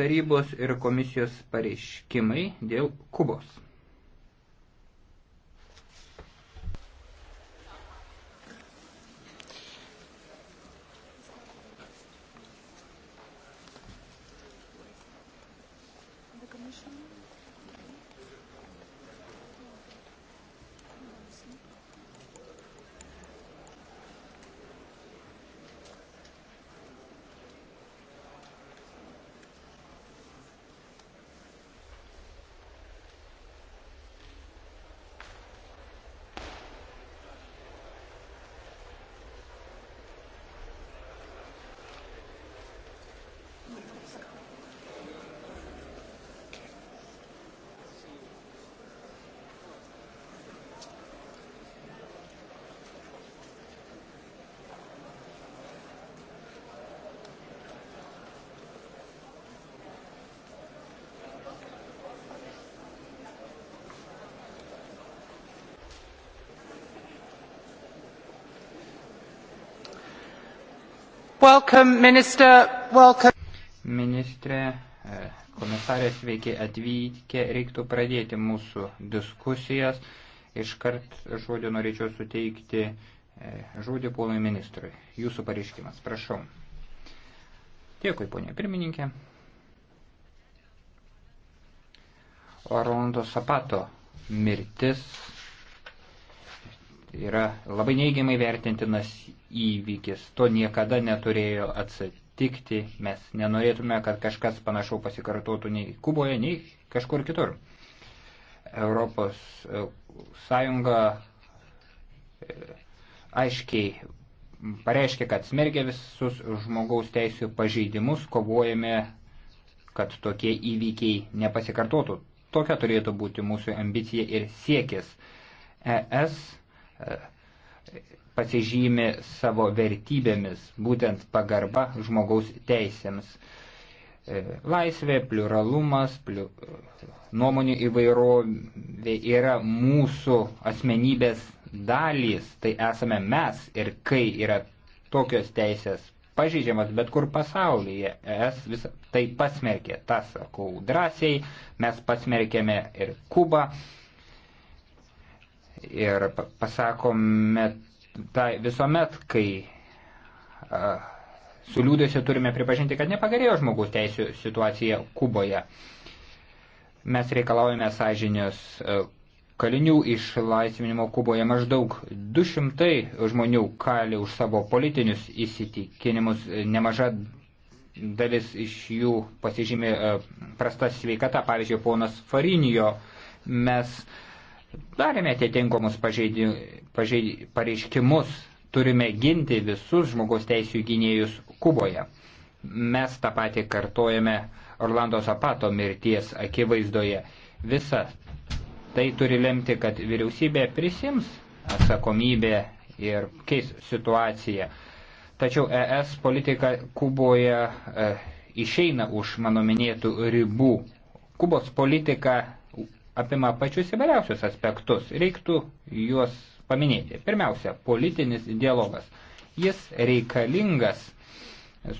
tarybos ir komisijos pareiškimai dėl Kubos. Welcome, minister. Welcome. Ministrė, e, komisarė, sveiki atvykę. Reiktų pradėti mūsų diskusijas. Iškart žodį norėčiau suteikti e, žodį ponui ministrui. Jūsų pareiškimas, prašau. Dėkui, ponė pirmininkė. Orlando Sapato mirtis yra labai neigiamai vertintinas įvykis. To niekada neturėjo atsitikti. Mes nenorėtume, kad kažkas panašau pasikartotų nei Kuboje, nei kažkur kitur. Europos e, Sąjunga e, aiškiai pareiškia, kad smergia visus žmogaus teisų pažeidimus, kovojame, kad tokie įvykiai nepasikartotų. Tokia turėtų būti mūsų ambicija ir siekis. ES pasižymi savo vertybėmis, būtent pagarba žmogaus teisėms. E, laisvė, pluralumas, pliu... nuomonių įvairovė yra mūsų asmenybės dalys, tai esame mes ir kai yra tokios teisės pažeidžiamas bet kur pasaulyje, es vis tai pasmerkė, tas sakau drąsiai, mes pasmerkėme ir Kubą ir pasakome tą tai visuomet, kai a, su liūdėsiu turime pripažinti, kad nepagerėjo žmogaus teisų situacija Kuboje. Mes reikalaujame sąžinės kalinių išlaisvinimo Kuboje maždaug 200 žmonių kali už savo politinius įsitikinimus, nemaža dalis iš jų pasižymė prasta sveikata, pavyzdžiui, ponas Farinijo. Mes uh, darėme atitinkamus pažeidi, pažeidi, pareiškimus, turime ginti visus žmogaus teisų gynėjus Kuboje. Mes tą patį kartojame Orlando Zapato mirties akivaizdoje. Visa tai turi lemti, kad vyriausybė prisims atsakomybę ir keis situaciją. Tačiau ES politika Kuboje e, išeina už mano minėtų ribų. Kubos politika apima pačius įvairiausius aspektus. Reiktų juos paminėti. Pirmiausia, politinis dialogas. Jis reikalingas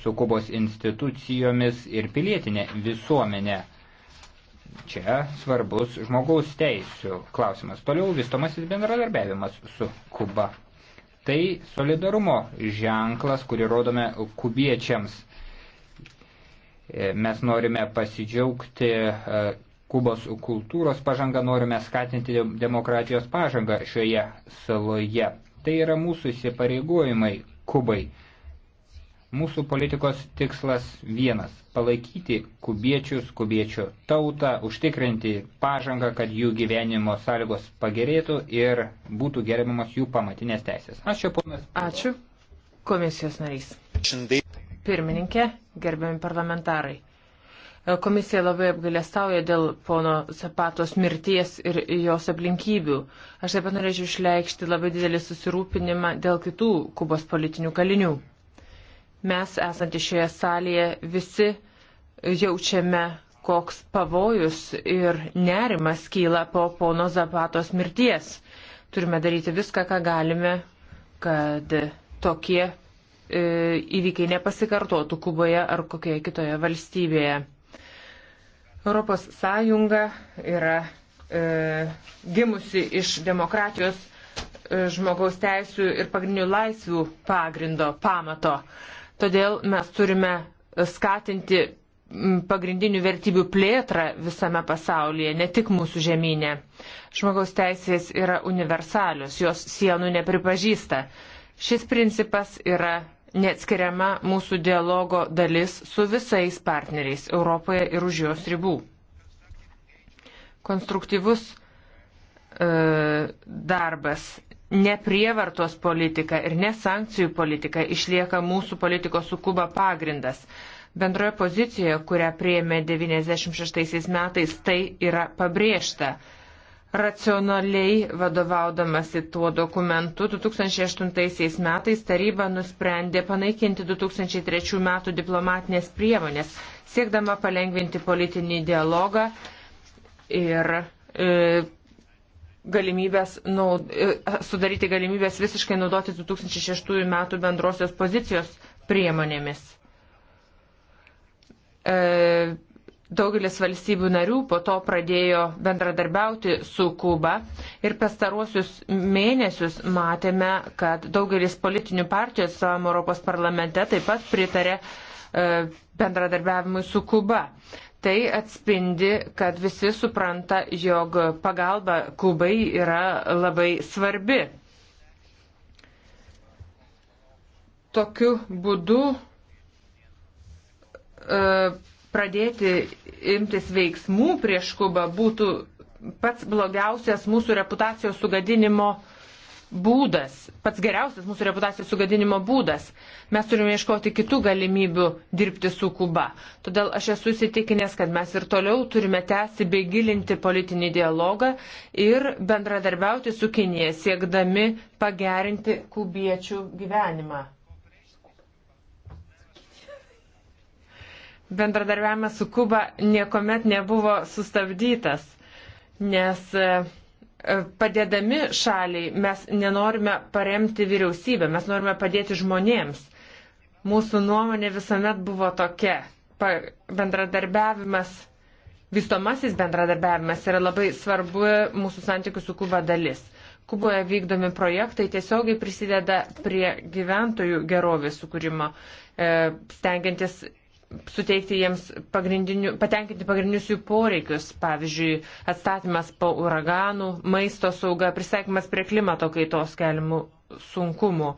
su Kubos institucijomis ir pilietinė visuomenė. Čia svarbus žmogaus teisų klausimas. Toliau vystomasis bendradarbiavimas su Kuba. Tai solidarumo ženklas, kurį rodome kubiečiams. E, mes norime pasidžiaugti e, Kubos kultūros pažangą, norime skatinti demokratijos pažangą šioje saloje. Tai yra mūsų įsipareigojimai Kubai. Mūsų politikos tikslas vienas - palaikyti kubiečius, kubiečių tautą, užtikrinti pažangą, kad jų gyvenimo sąlygos pagerėtų ir būtų gerbiamas jų pamatinės teisės. Ačiū, ponas. Ačiū, komisijos narys. Pirmininkė, gerbiami parlamentarai. Komisija labai apgailestauja dėl pono Sapatos mirties ir jos aplinkybių. Aš taip pat norėčiau išleikšti labai didelį susirūpinimą dėl kitų Kubos politinių kalinių. Mes, esantys šioje salėje, visi jaučiame, koks pavojus ir nerimas kyla po pono Zapatos mirties. Turime daryti viską, ką galime, kad tokie e, įvykiai nepasikartotų Kuboje ar kokioje kitoje valstybėje. Europos Sąjunga yra e, gimusi iš demokratijos e, žmogaus teisų ir pagrindinių laisvių pagrindo pamato. Todėl mes turime skatinti pagrindinių vertybių plėtrą visame pasaulyje, ne tik mūsų žemynė. Žmogaus teisės yra universalios, jos sienų nepripažįsta. Šis principas yra neatskiriama mūsų dialogo dalis su visais partneriais Europoje ir už jos ribų. Konstruktyvus e, darbas, neprievartos politika ir nesankcijų politika išlieka mūsų politikos su Kuba pagrindas. Bendroje pozicijoje, kurią prieėmė 96 metais, tai yra pabrėžta. Racionaliai vadovaudamasi tuo dokumentu 2008 metais taryba nusprendė panaikinti 2003 metų diplomatinės priemonės, siekdama palengvinti politinį dialogą ir e, galimybės naud, e, sudaryti galimybės visiškai naudoti 2006 metų bendrosios pozicijos priemonėmis. E, Daugelis valstybių narių po to pradėjo bendradarbiauti su Kuba ir pastaruosius mėnesius matėme, kad daugelis politinių partijų atstovamų Europos parlamente taip pat pritarė e, bendradarbiavimui su Kuba. Tai atspindi, kad visi supranta, jog pagalba Kubai yra labai svarbi. Tokiu būdu e, pradėti imtis veiksmų prieš Kubą būtų pats blogiausias mūsų reputacijos sugadinimo būdas, pats geriausias mūsų reputacijos sugadinimo būdas. Mes turime ieškoti kitų galimybių dirbti su Kuba. Todėl aš esu įsitikinęs, kad mes ir toliau turime tęsti bei gilinti politinį dialogą ir bendradarbiauti su Kinėje, siekdami pagerinti kubiečių gyvenimą. bendradarbiavimas su Kuba niekuomet nebuvo sustabdytas, nes e, e, padėdami šaliai mes nenorime paremti vyriausybę, mes norime padėti žmonėms. Mūsų nuomonė visuomet buvo tokia. Bendradarbiavimas, vystomasis bendradarbiavimas yra labai svarbu mūsų santykių su Kuba dalis. Kuboje vykdomi projektai tiesiogiai prisideda prie gyventojų gerovės sukūrimo, e, stengiantis suteikti jiems pagrindinių, patenkinti pagrindinius jų poreikius, pavyzdžiui, atstatymas po uraganų, maisto sauga, prisaikymas prie klimato kaitos keliamų sunkumų.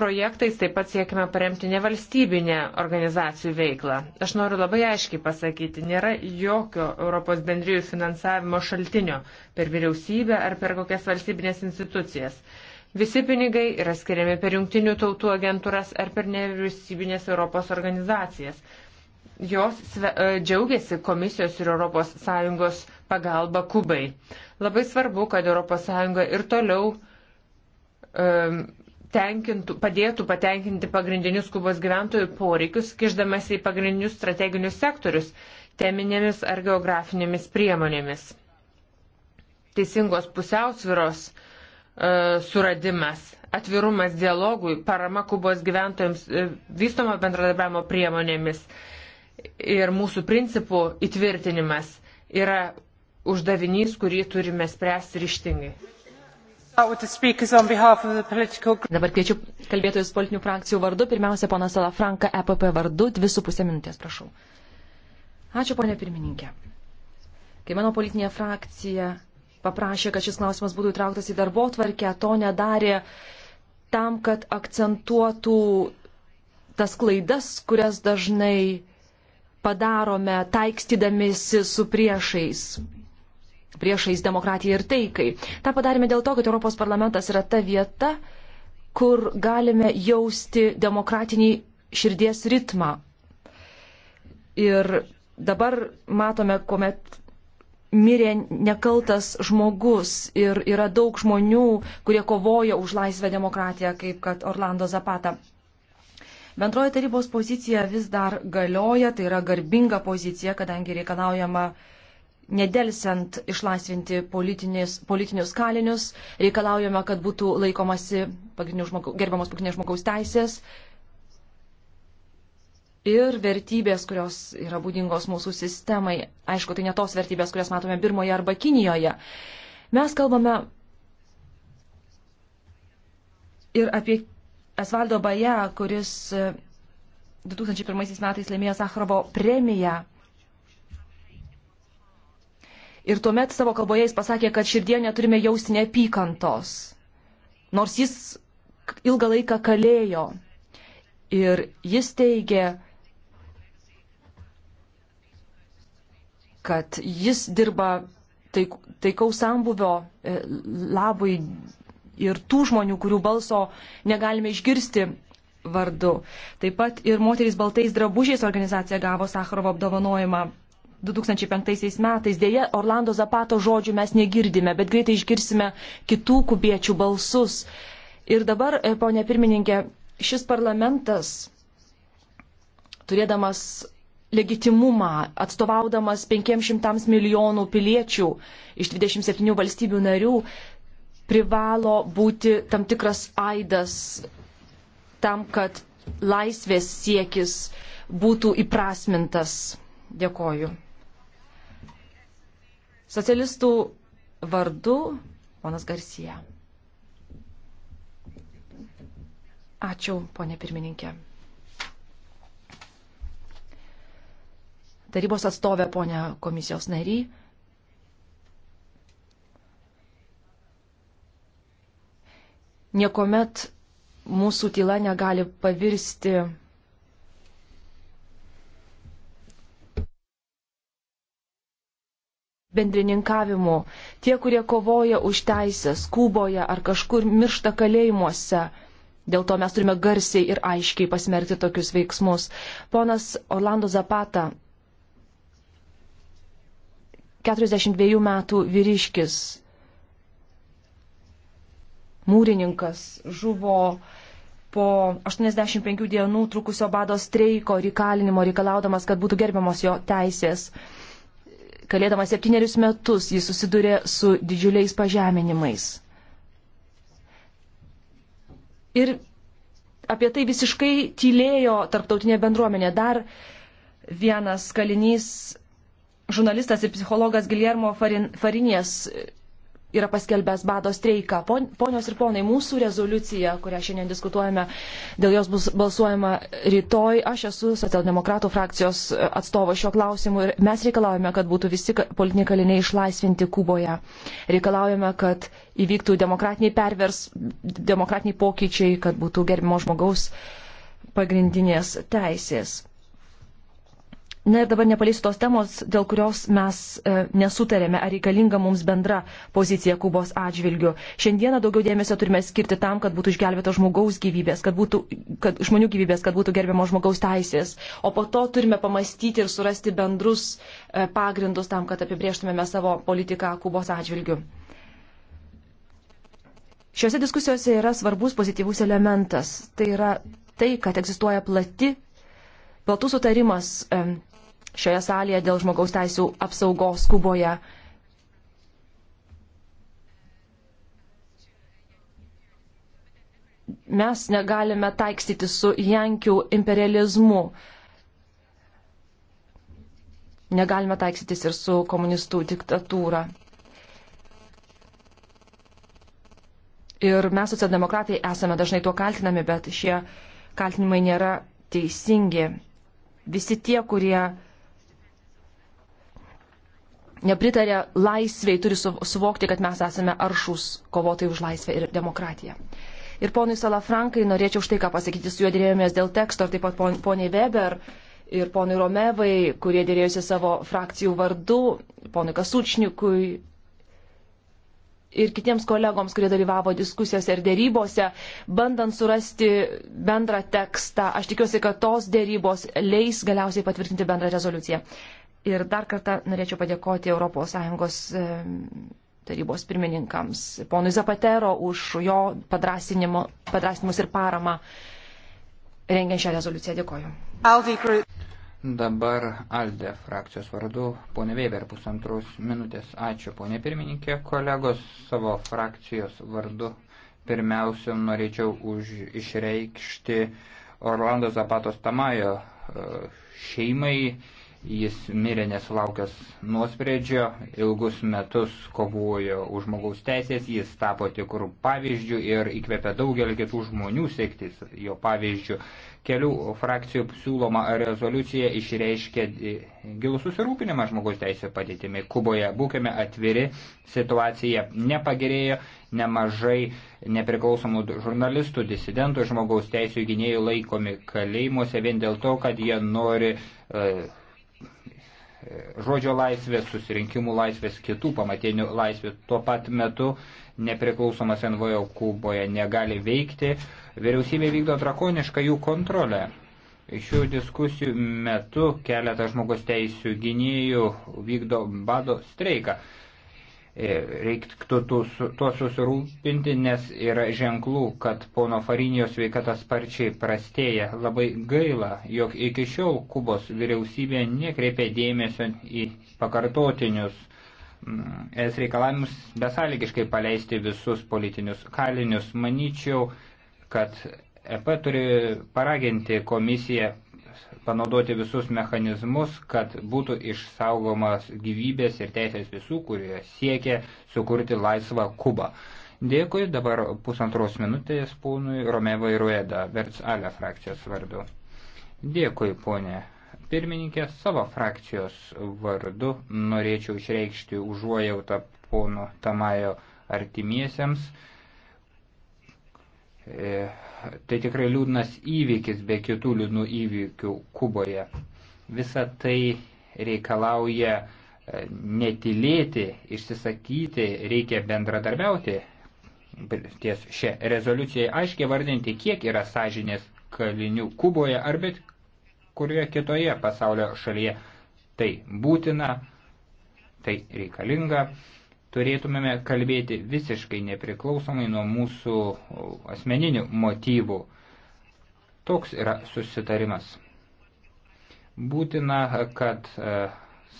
Projektais taip pat siekime paremti nevalstybinę organizacijų veiklą. Aš noriu labai aiškiai pasakyti, nėra jokio Europos bendrijų finansavimo šaltinio per vyriausybę ar per kokias valstybinės institucijas. Visi pinigai yra skiriami per jungtinių tautų agentūras ar per nevyriausybinės Europos organizacijas. Jos e, džiaugiasi komisijos ir ES pagalba Kubai. Labai svarbu, kad ES ir toliau um, tenkintų, padėtų patenkinti pagrindinius Kubos gyventojų poreikius, kiždamas į pagrindinius strateginius sektorius, teminėmis ar geografinėmis priemonėmis. Teisingos pusiausviros uh, E, suradimas, atvirumas dialogui, parama Kubos gyventojams e, vystomo bendradarbiavimo priemonėmis ir mūsų principų įtvirtinimas yra uždavinys, kurį turime spręsti ryštingai. Dabar kviečiu kalbėtojus politinių frakcijų vardu. Pirmiausia, ponas Salafranka, EPP vardu, 2,5 minutės, prašau. Ačiū, ponė pirmininkė. Kai mano politinė frakcija paprašė, kad šis klausimas būtų įtrauktas į darbo tvarkę, to nedarė tam, kad akcentuotų tas klaidas, kurias dažnai padarome taikstydamėsi su priešais, priešais demokratijai ir taikai. Ta padarėme dėl to, kad Europos parlamentas yra ta vieta, kur galime jausti demokratinį širdies ritmą. Ir dabar matome, kuomet mirė nekaltas žmogus ir yra daug žmonių, kurie kovoja už laisvę demokratiją, kaip kad Orlando Zapata. Bendroji tarybos pozicija vis dar galioja, tai yra garbinga pozicija, kadangi reikalaujama nedelsiant išlaisvinti politinis, politinius kalinius, reikalaujama, kad būtų laikomasi pagrindinių žmogaus, gerbiamos pagrindinės žmogaus teisės, ir vertybės, kurios yra būdingos mūsų sistemai. Aišku, tai ne tos vertybės, kurias matome Birmoje arba Kinijoje. Mes kalbame ir apie Esvaldo Baje, kuris 2001 e, metais laimėjo Sakrovo premiją. Ir tuomet savo kalboje jis pasakė, kad širdie neturime jausti neapykantos. Nors jis ilgą laiką kalėjo. Ir jis teigė, kad jis dirba taik, taikaus sambuvio e, labui ir tų žmonių, kurių balso negalime išgirsti vardu. Taip pat ir moterys baltais drabužiais organizacija gavo Sakarovo apdovanojimą 2005 metais. Deja, Orlando Zapato žodžių mes negirdime, bet greitai išgirsime kitų kubiečių balsus. Ir dabar, e, ponė pirmininkė, šis parlamentas, turėdamas legitimumą, atstovaudamas 500 milijonų piliečių iš 27 valstybių narių, privalo būti tam tikras aidas tam, kad laisvės siekis būtų įprasmintas. Dėkoju. Socialistų vardu ponas Garcija. Ačiū, ponė pirmininkė. tarybos atstovė, ponia komisijos nary. Niekuomet mūsų tyla negali pavirsti bendrininkavimu. Tie, kurie kovoja už teisės Kuboje ar kažkur miršta kalėjimuose. Dėl to mes turime garsiai ir aiškiai pasmerkti tokius veiksmus. Ponas Orlando Zapata 42 metų vyriškis, mūrininkas, žuvo po 85 dienų trukusio bado streiko ir įkalinimo reikalaudamas, kad būtų gerbiamos jo teisės. Kalėdamas septynerius metus jis susidurė su didžiuliais pažeminimais. Ir apie tai visiškai tylėjo tarptautinė bendruomenė. Dar vienas kalinys žurnalistas ir psichologas Giljermo Farin, Farinės yra paskelbęs bado streiką. Ponios ir ponai, mūsų rezoliucija, kurią šiandien diskutuojame, dėl jos bus balsuojama rytoj. Aš esu socialdemokratų frakcijos atstovas šio klausimu ir mes reikalaujame, kad būtų visi politiniai kaliniai išlaisvinti Kuboje. Reikalaujame, kad įvyktų demokratiniai pervers, demokratiniai pokyčiai, kad būtų gerbimo žmogaus pagrindinės teisės. Na ir dabar nepaleisiu tos temos, dėl kurios mes e, nesutarėme, ar reikalinga mums bendra pozicija Kubos atžvilgiu. Šiandieną daugiau dėmesio turime skirti tam, kad būtų išgelbėtos žmogaus gyvybės, kad būtų kad, žmonių gyvybės, kad būtų gerbiamo žmogaus teisės. O po to turime pamastyti ir surasti bendrus e, pagrindus tam, kad apibrieštumėme savo politiką Kubos atžvilgiu. Šiuose diskusijose yra svarbus pozityvus elementas. Tai yra tai, kad egzistuoja plati, platų sutarimas. E, šioje salėje dėl žmogaus teisų apsaugos Kuboje. Mes negalime taikstyti su jankių imperializmu. Negalime taikstytis ir su komunistų diktatūra. Ir mes, socialdemokratai, esame dažnai tuo kaltinami, bet šie kaltinimai nėra teisingi. Visi tie, kurie nepritarė laisviai, turi suvokti, kad mes esame aršus kovotojai už laisvę ir demokratiją. Ir ponui Salafrankai norėčiau štai ką pasakyti, su juo dėrėjomės dėl teksto, ir taip pat poniai Weber ir ponui Romevai, kurie dėrėjosi savo frakcijų vardu, ponui Kasučnikui ir kitiems kolegoms, kurie dalyvavo diskusijose ir dėrybose, bandant surasti bendrą tekstą. Aš tikiuosi, kad tos dėrybos leis galiausiai patvirtinti bendrą rezoliuciją. Ir dar kartą norėčiau padėkoti ES e, tarybos pirmininkams, ponui Zapatero, už jo padrasinimus ir paramą rengiant šią rezoliuciją. Dėkoju. Dabar Alde frakcijos vardu, ponė Weber, pusantros minutės. Ačiū, ponė pirmininkė, kolegos savo frakcijos vardu. Pirmiausia, norėčiau už, išreikšti Orlando Zapatos Tamajo e, šeimai Jis mirė nesulaukęs nuosprendžio, ilgus metus kovojo už žmogaus teisės, jis tapo tikrų pavyzdžių ir įkvėpė daugelį kitų žmonių sektis jo pavyzdžių. Kelių frakcijų siūloma rezoliucija išreiškia gilų susirūpinimą žmogaus teisė padėtimi Kuboje. Būkime atviri, situacija nepagerėjo, nemažai nepriklausomų žurnalistų, disidentų, žmogaus teisų gynėjų laikomi kalėjimuose vien dėl to, kad jie nori. E, žodžio laisvės, susirinkimų laisvės, kitų pamatinių laisvės. Tuo pat metu nepriklausomas NVO Kuboje negali veikti. Vyriausybė vykdo drakonišką jų kontrolę. Šių diskusijų metu keletas žmogus teisų gynėjų vykdo bado streiką. E, reiktų tuo susirūpinti, nes yra ženklų, kad pono Farinio sveikata sparčiai prastėja. Labai gaila, jog iki šiol Kubos vyriausybė nekreipė dėmesio į pakartotinius mm, es reikalavimus besąlygiškai paleisti visus politinius kalinius. Manyčiau, kad EP turi paraginti komisiją panaudoti visus mechanizmus, kad būtų išsaugomas gyvybės ir teisės visų, kurie siekia sukurti laisvą Kubą. Dėkui, dabar pusantros minutės ponui Romevai Rueda, Verts Ale frakcijos vardu. Dėkui, ponė. Pirmininkė, savo frakcijos vardu norėčiau išreikšti užuojautą pono Tamajo artimiesiems. E, Tai tikrai liūdnas įvykis be kitų liūdnų įvykių Kuboje. Visa tai reikalauja e, netilėti, išsisakyti, reikia bendradarbiauti ties šią rezoliuciją, aiškiai vardinti, kiek yra sąžinės kalinių Kuboje ar bet kurioje kitoje pasaulio šalyje. Tai būtina, tai reikalinga turėtumėme kalbėti visiškai nepriklausomai nuo mūsų asmeninių motyvų. Toks yra susitarimas. Būtina, kad e,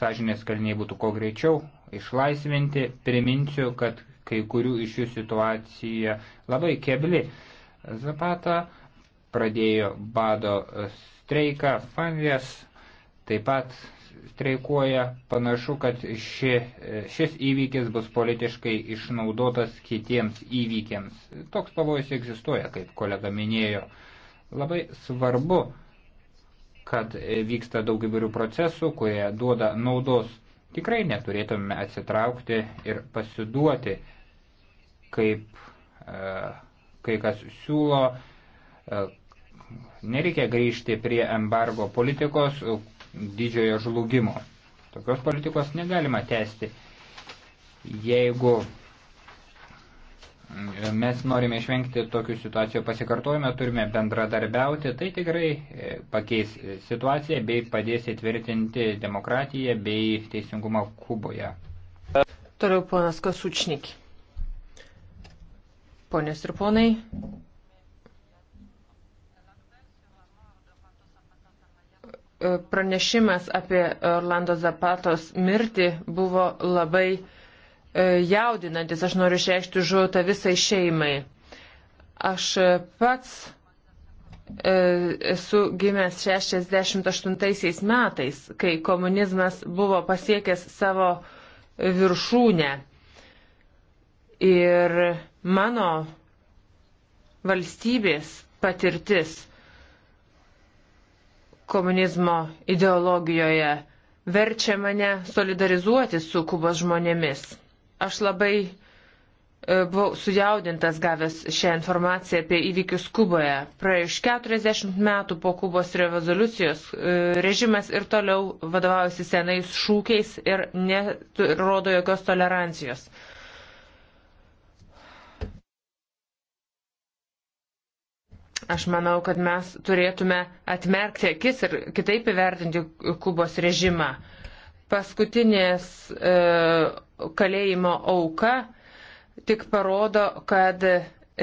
sąžinės kaliniai būtų kuo greičiau išlaisvinti. Priminsiu, kad kai kurių iš jų situacija labai kebli. Zapata pradėjo bado streiką, Fangės taip pat streikuoja, panašu, kad ši, šis įvykis bus politiškai išnaudotas kitiems įvykiams. Toks pavojus egzistuoja, kaip kolega minėjo. Labai svarbu, kad vyksta daug įvairių procesų, kurie duoda naudos. Tikrai neturėtume atsitraukti ir pasiduoti, kaip e, kai kas siūlo. E, nereikia grįžti prie embargo politikos, didžiojo žlugimo. Tokios politikos negalima tęsti. Jeigu mes norime išvengti tokių situacijų pasikartojime, turime bendradarbiauti, tai tikrai e, pakeis situaciją bei padės įtvirtinti demokratiją bei teisingumą Kuboje. Toliau ponas Kasučnik. Ponės ir ponai, pranešimas apie Orlando Zapatos mirtį buvo labai e, jaudinantis. Aš noriu išreikšti žuotą visai šeimai. Aš pats e, esu gimęs 68 metais, kai komunizmas buvo pasiekęs savo viršūnę. Ir mano valstybės patirtis komunizmo ideologijoje verčia mane solidarizuoti su Kubos žmonėmis. Aš labai e, buvau sujaudintas gavęs šią informaciją apie įvykius Kuboje. Praėjus 40 metų po Kubos revoliucijos e, režimas ir toliau vadovaujasi senais šūkiais ir nerodo jokios tolerancijos. Aš manau, kad mes turėtume atmerkti akis ir kitaip įvertinti Kubos režimą. Paskutinės e, kalėjimo auka tik parodo, kad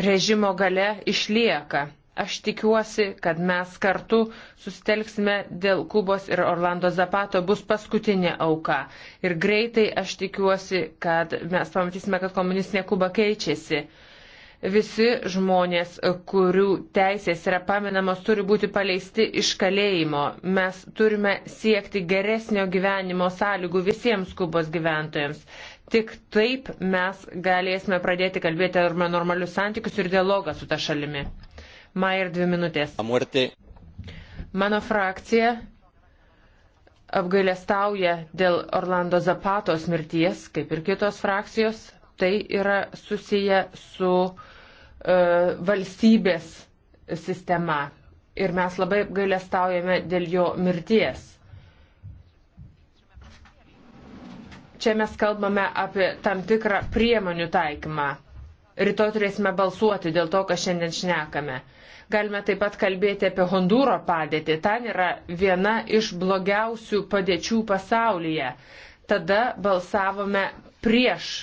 režimo gale išlieka. Aš tikiuosi, kad mes kartu sustelksime dėl Kubos ir Orlando Zapato bus paskutinė auka. Ir greitai aš tikiuosi, kad mes pamatysime, kad komunistinė Kuba keičiasi. Visi žmonės, kurių teisės yra paminamos, turi būti paleisti iš kalėjimo. Mes turime siekti geresnio gyvenimo sąlygų visiems Kubos gyventojams. Tik taip mes galėsime pradėti kalbėti apie normalius santykius ir dialogą su ta šalimi. Mair dvi minutės. Mano frakcija apgailestauja dėl Orlando Zapatos mirties, kaip ir kitos frakcijos. Tai yra susiję su E, valstybės sistema ir mes labai gailestaujame dėl jo mirties. Čia mes kalbame apie tam tikrą priemonių taikymą. Rytoj turėsime balsuoti dėl to, ką šiandien šnekame. Galime taip pat kalbėti apie Hondūro padėtį. Ten yra viena iš blogiausių padėčių pasaulyje. Tada balsavome prieš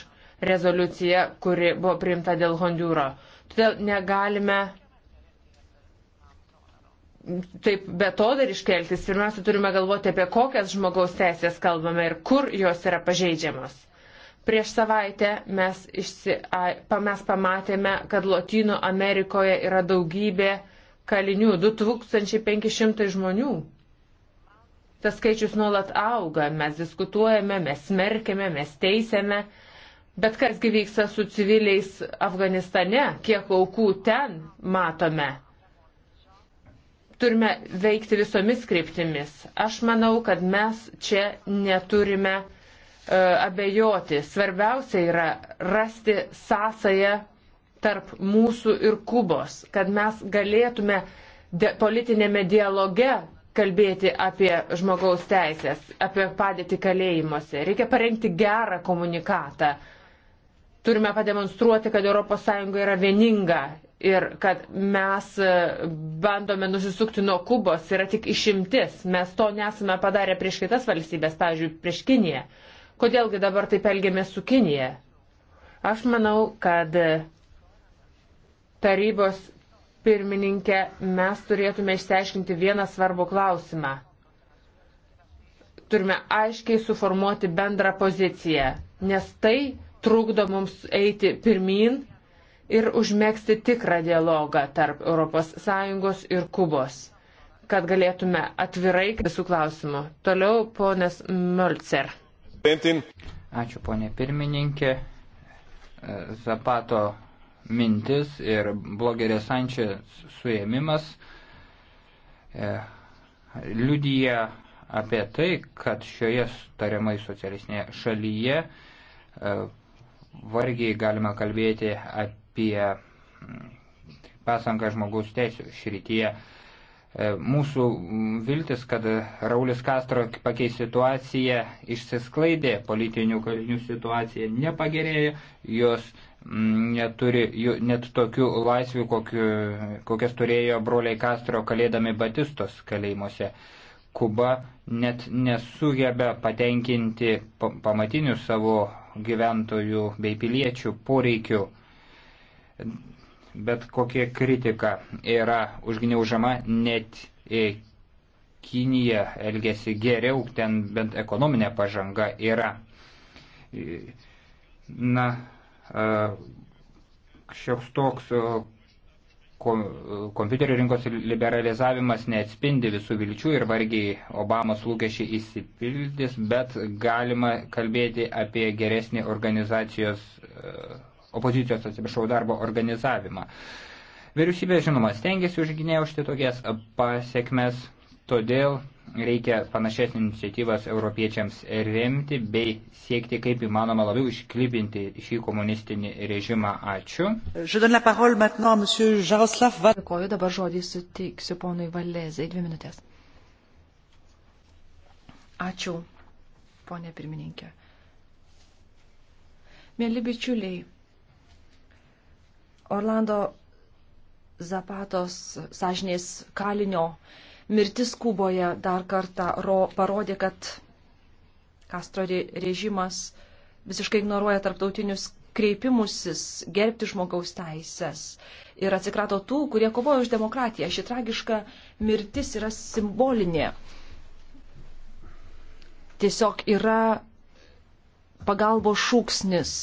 rezoliuciją, kuri buvo priimta dėl Hondūro. Todėl negalime taip betodariškai elgtis. Pirmiausia, turime galvoti apie kokias žmogaus teisės kalbame ir kur jos yra pažeidžiamas. Prieš savaitę mes, išsi, mes pamatėme, kad Lotynų Amerikoje yra daugybė kalinių - 2500 žmonių. Tas skaičius nuolat auga, mes diskutuojame, mes smerkėme, mes teisėme, Bet kasgi vyksta su civiliais Afganistane, kiek aukų ten matome. Turime veikti visomis kryptimis. Aš manau, kad mes čia neturime uh, abejoti. Svarbiausia yra rasti sąsają tarp mūsų ir Kubos, kad mes galėtume de politinėme dialoge kalbėti apie žmogaus teisės, apie padėtį kalėjimuose. Reikia parengti gerą komunikatą. Uh, Turime pademonstruoti, kad ES yra vieninga ir kad mes e, bandome nusisukti nuo Kubos yra tik išimtis. Mes to nesame padarę prieš kitas valstybės, pavyzdžiui, prieš Kiniją. Kodėlgi dabar taip elgiamės su Kinija? Aš manau, kad e, tarybos pirmininkė mes turėtume išsiaiškinti vieną svarbų klausimą. Turime aiškiai suformuoti bendrą poziciją, nes tai trukdo mums eiti pirmin ir užmėgsti tikrą dialogą tarp ES ir Kubos, kad galėtume atvirai visų klausimų. Toliau ponas Mölcer. Ačiū ponė pirmininkė. Zapato mintis ir blogerė Sančias suėmimas e, liudyje apie tai, kad šioje tariamai socialistinėje šalyje e, vargiai galima kalbėti apie mm, pasangą žmogaus teisų šrityje. E, mūsų mm, viltis, kad Raulis Castro pakeis situaciją, išsisklaidė, politinių kalinių situacija nepagerėjo, jos mm, neturi net tokių laisvių, kokiu, kokias turėjo broliai Castro kalėdami Batistos kalėjimuose. Kuba net nesugeba patenkinti pamatinių savo gyventojų bei piliečių poreikių. Bet kokia kritika yra užgniaužama net e, Kinija elgesi geriau, ten bent ekonominė pažanga yra. E, na, e, šioks toks kompiuterio rinkos liberalizavimas neatspindi visų vilčių ir vargiai Obamos lūkesčiai įsipildys, bet galima kalbėti apie geresnį organizacijos, e, opozicijos atsiprašau, darbo organizavimą. Vyriausybė, žinoma, stengiasi užgineušti tokias pasiekmes, Todėl reikia panašias iniciatyvas europiečiams remti bei siekti kaip įmanoma labiau išklibinti šį komunistinį režimą. Ačiū. Dėkoju, dabar žodį suteiksiu ponui Valėzai. Dvi minutės. Ačiū, ponė pirmininkė. Mėly bičiuliai, Orlando Zapatos sąžinės kalinio Mirtis Kuboje dar kartą ro, parodė, kad Kastro režimas visiškai ignoruoja tarptautinius kreipimusis gerbti žmogaus teises ir atsikrato tų, kurie kovojo už demokratiją. Ši tragiška mirtis yra simbolinė. Tiesiog yra pagalbos šūksnis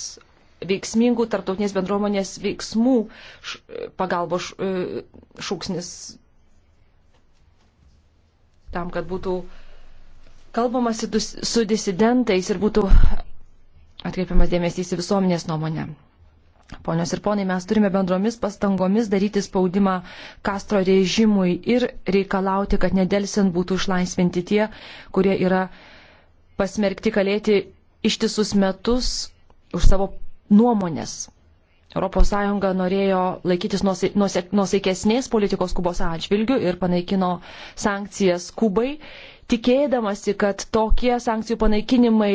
veiksmingų tarptautinės bendruomenės veiksmų pagalbos e, šūksnis tam, kad būtų kalbamasi su disidentais ir būtų atkreipiamas dėmesys į visuomenės nuomonę. Ponios ir ponai, mes turime bendromis pastangomis daryti spaudimą Kastro režimui ir reikalauti, kad nedelsiant būtų išlaisvinti tie, kurie yra pasmerkti kalėti ištisus metus už savo nuomonės ES norėjo laikytis nuosaikesnės politikos Kubos atžvilgių ir panaikino sankcijas Kubai, tikėdamasi, kad tokie sankcijų panaikinimai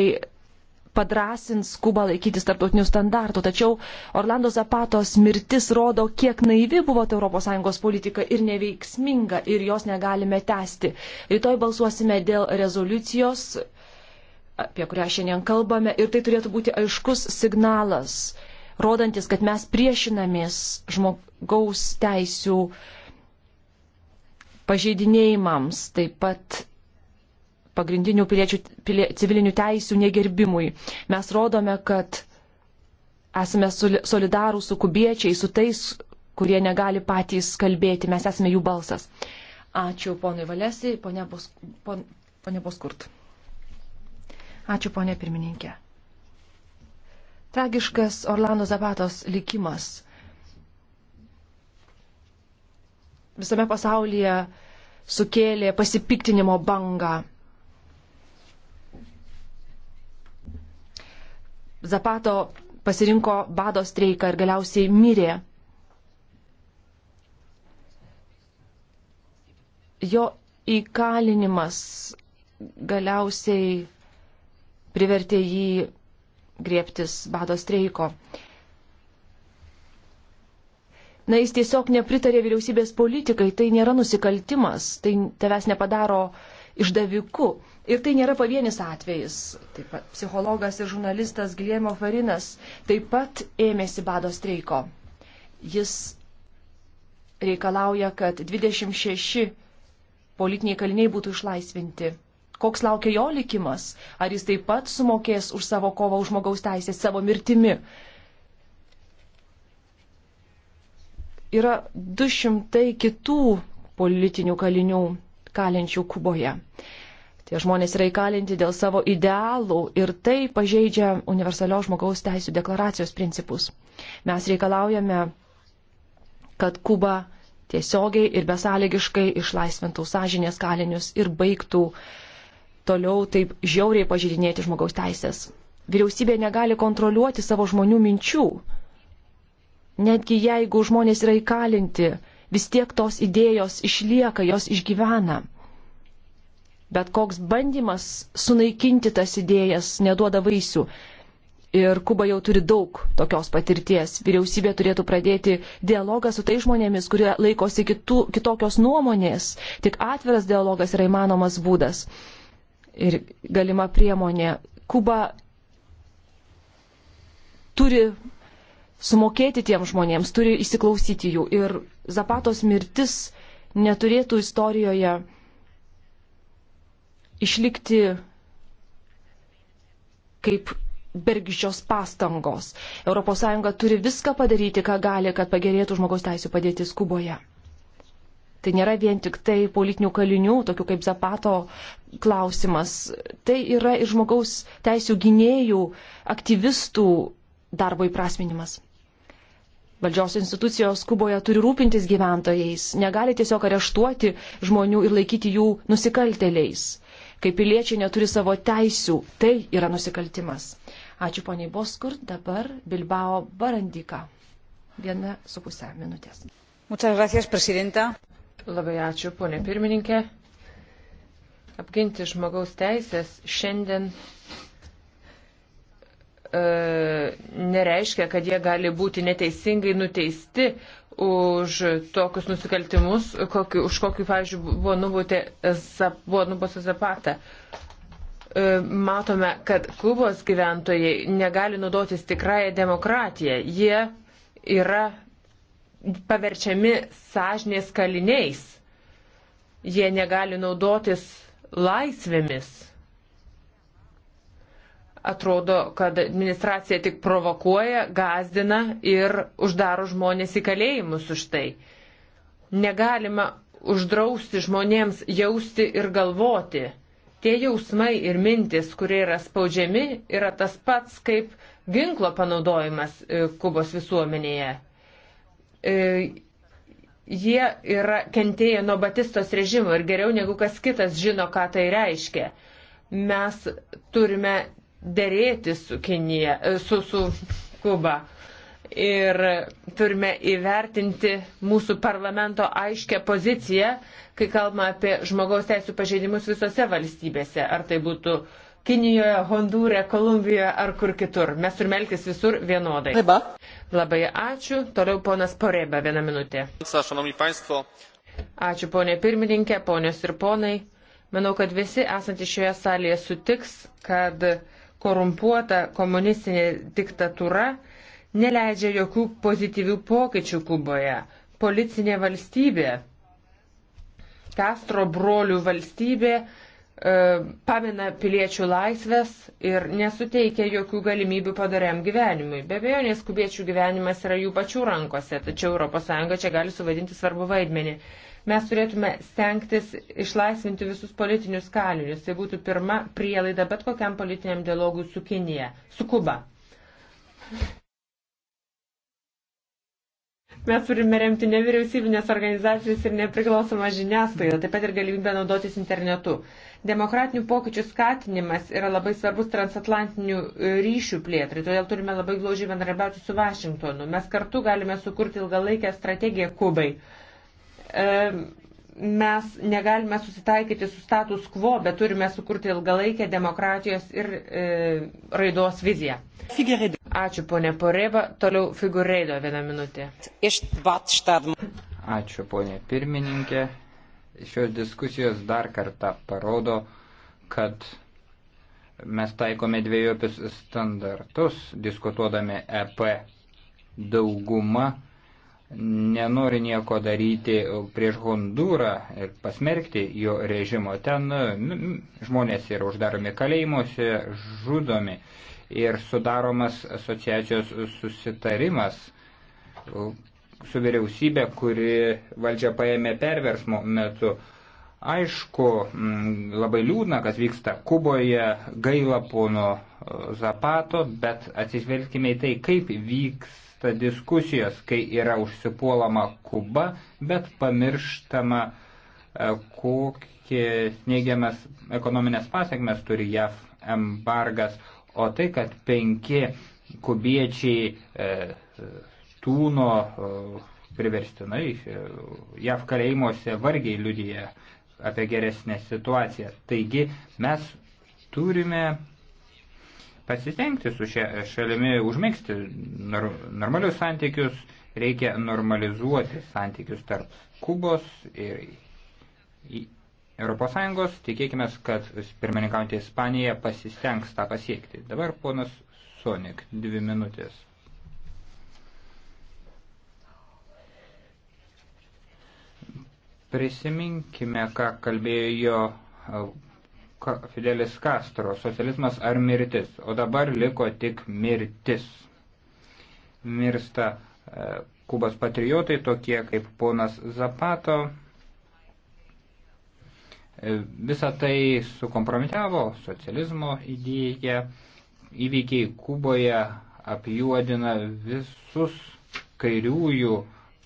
padrasins Kubą laikytis tarptautinių standartų. Tačiau Orlando Zapatos mirtis rodo, kiek naivi buvo ta ES politika ir neveiksminga ir jos negalime tęsti. Rytoj balsuosime dėl rezoliucijos, apie kurią šiandien kalbame, ir tai turėtų būti aiškus signalas rodantis, kad mes priešinamės žmogaus teisų pažeidinėjimams, taip pat pagrindinių piliečių, pilie, civilinių teisių negerbimui. Mes rodome, kad esame solidarų su kubiečiai, su tais, kurie negali patys kalbėti, mes esame jų balsas. Ačiū ponui Valesiai, ponė Boskurt. Ačiū ponė pirmininkė. Tragiškas Orlando Zapatos likimas. Visame pasaulyje sukėlė pasipiktinimo bangą. Zapato pasirinko bado streiką ir galiausiai mirė. Jo įkalinimas galiausiai privertė jį griebtis bado streiko. Na, jis tiesiog nepritarė vyriausybės politikai, tai nėra nusikaltimas, tai tavęs nepadaro išdaviku. Ir tai nėra pavienis atvejis. Taip pat psichologas ir žurnalistas Gilėmo Farinas taip pat ėmėsi bado streiko. Jis reikalauja, kad 26 politiniai kaliniai būtų išlaisvinti koks laukia jo likimas, ar jis taip pat sumokės už savo kovą už žmogaus teisės savo mirtimi. Yra 200 kitų politinių kalinių kalinčių Kuboje. Tie žmonės yra įkalinti dėl savo idealų ir tai pažeidžia universalios žmogaus teisų deklaracijos principus. Mes reikalaujame, kad Kuba tiesiogiai ir besąlygiškai išlaisvintų sąžinės kalinius ir baigtų uh, toliau taip žiauriai pažydinėti žmogaus teisės. Vyriausybė negali kontroliuoti savo žmonių minčių. Netgi jeigu žmonės yra įkalinti, vis tiek tos idėjos išlieka, jos išgyvena. Bet koks bandymas sunaikinti tas idėjas neduoda vaisių. Ir Kuba jau turi daug tokios patirties. Vyriausybė turėtų pradėti dialogą su tai žmonėmis, kurie laikosi kitų, kitokios nuomonės. Tik atviras dialogas yra įmanomas būdas ir galima priemonė. Kuba turi sumokėti tiem žmonėms, turi įsiklausyti jų. Ir Zapatos mirtis neturėtų istorijoje išlikti kaip bergždžios pastangos. ES turi viską padaryti, ką gali, kad pagerėtų žmogaus teisų padėtis Kuboje. Tai nėra vien tik tai politinių kalinių, tokių kaip Zapato klausimas. Tai yra ir žmogaus teisų gynėjų, aktyvistų darbo įprasminimas. Valdžios institucijos Kuboje turi rūpintis gyventojais, negali tiesiog areštuoti žmonių ir laikyti jų nusikalteliais. Kai piliečiai neturi savo teisių, tai yra nusikaltimas. Ačiū poniai Boskur, dabar Bilbao Barandika. Viena su pusę minutės. Muchas gracias, presidenta. Labai ačiū, ponė pirmininkė. Apginti žmogaus teisės šiandien e, nereiškia, kad jie gali būti neteisingai nuteisti už tokius nusikaltimus, kokį, už kokį, pavyzdžiui, buvo, nubūtė, buvo nubūtė Zapata. E, matome, kad Kubos gyventojai negali naudotis tikrąją demokratiją. Jie yra paverčiami sąžinės kaliniais. Jie negali naudotis laisvėmis. Atrodo, kad administracija tik provokuoja, gazdina ir uždaro žmonės į kalėjimus už tai. Negalima uždrausti žmonėms jausti ir galvoti. Tie jausmai ir mintis, kurie yra spaudžiami, yra tas pats kaip ginklo panaudojimas e, Kubos visuomenėje. E, jie yra kentėję nuo Batistos režimo ir geriau negu kas kitas žino, ką tai reiškia. Mes turime dėrėti su Kinija, e, su, su Kuba. Ir turime įvertinti mūsų parlamento aiškę poziciją, kai kalbame apie žmogaus teisų pažeidimus visose valstybėse. Ar tai būtų uh, Kinijoje, Hondūre, Kolumbijoje ar kur kitur. Mes turime elgtis visur vienodai. Reba. Labai ačiū. Toliau ponas Poreba, vieną minutę. Ačiū ponė pirmininkė, ponios ir ponai. Manau, kad visi esantys šioje salėje sutiks, kad korumpuota komunistinė diktatūra neleidžia jokių pozityvių pokyčių Kuboje. Policinė valstybė, Kastro brolių valstybė E, pamina piliečių laisvės ir nesuteikia jokių galimybių padariam gyvenimui. Be abejo, nes kubiečių gyvenimas yra jų pačių rankose, tačiau ES čia gali suvadinti svarbu vaidmenį. Mes turėtume stengtis išlaisvinti visus politinius kalinius. Tai būtų pirma prielaida bet kokiam politiniam dialogui su Kinija, su Kuba. Mes turime remti nevyriausybinės organizacijas ir nepriklausomą žiniasklaidą, taip pat ir galimybę naudotis internetu. Demokratinių pokyčių skatinimas yra labai svarbus transatlantinių e, ryšių plėtrai, todėl turime labai glaužiai bendrabiauti su Vašingtonu. Mes kartu galime sukurti ilgalaikę strategiją Kubai mes negalime susitaikyti su status quo, bet turime sukurti ilgalaikę demokratijos ir e, raidos viziją. Figureido. Ačiū ponė Poreba, toliau Figureido vieną minutę. Ačiū ponė pirmininkė. Šios diskusijos dar kartą parodo, kad mes taikome dviejopius standartus, diskutuodami EP dauguma nenori nieko daryti prieš Hondūrą ir pasmerkti jo režimo. Ten nu, nu, žmonės yra uždaromi kalėjimuose, žudomi ir sudaromas asociacijos susitarimas su vyriausybė, kuri valdžia paėmė perversmo metu. Aišku, mm, labai liūdna, kas vyksta Kuboje, gaila pono Zapato, bet atsižvelgime į tai, kaip vyks vyksta diskusijos, kai yra užsipuolama Kuba, bet pamirštama, e, kokias neigiamas ekonominės pasiekmes turi JAV embargas, o tai, kad penki kubiečiai e, tūno e, priverstinai e, JAV kalėjimuose vargiai liudyje apie geresnę situaciją. Taigi mes turime pasitengti su šia šalimi, užmėgsti nor, normalius santykius, reikia normalizuoti santykius tarp Kubos ir ES. Tikėkime, kad pirmininkaujantį Ispaniją pasistengs tą pasiekti. Dabar ponas Sonik, dvi minutės. Prisiminkime, ką kalbėjo Fidelis Castro, socializmas ar mirtis, o dabar liko tik mirtis. Mirsta e, Kubos patriotai tokie kaip ponas Zapato. E, Visą tai sukompromitavo socializmo idėją, įvykiai Kuboje apjuodina visus kairiųjų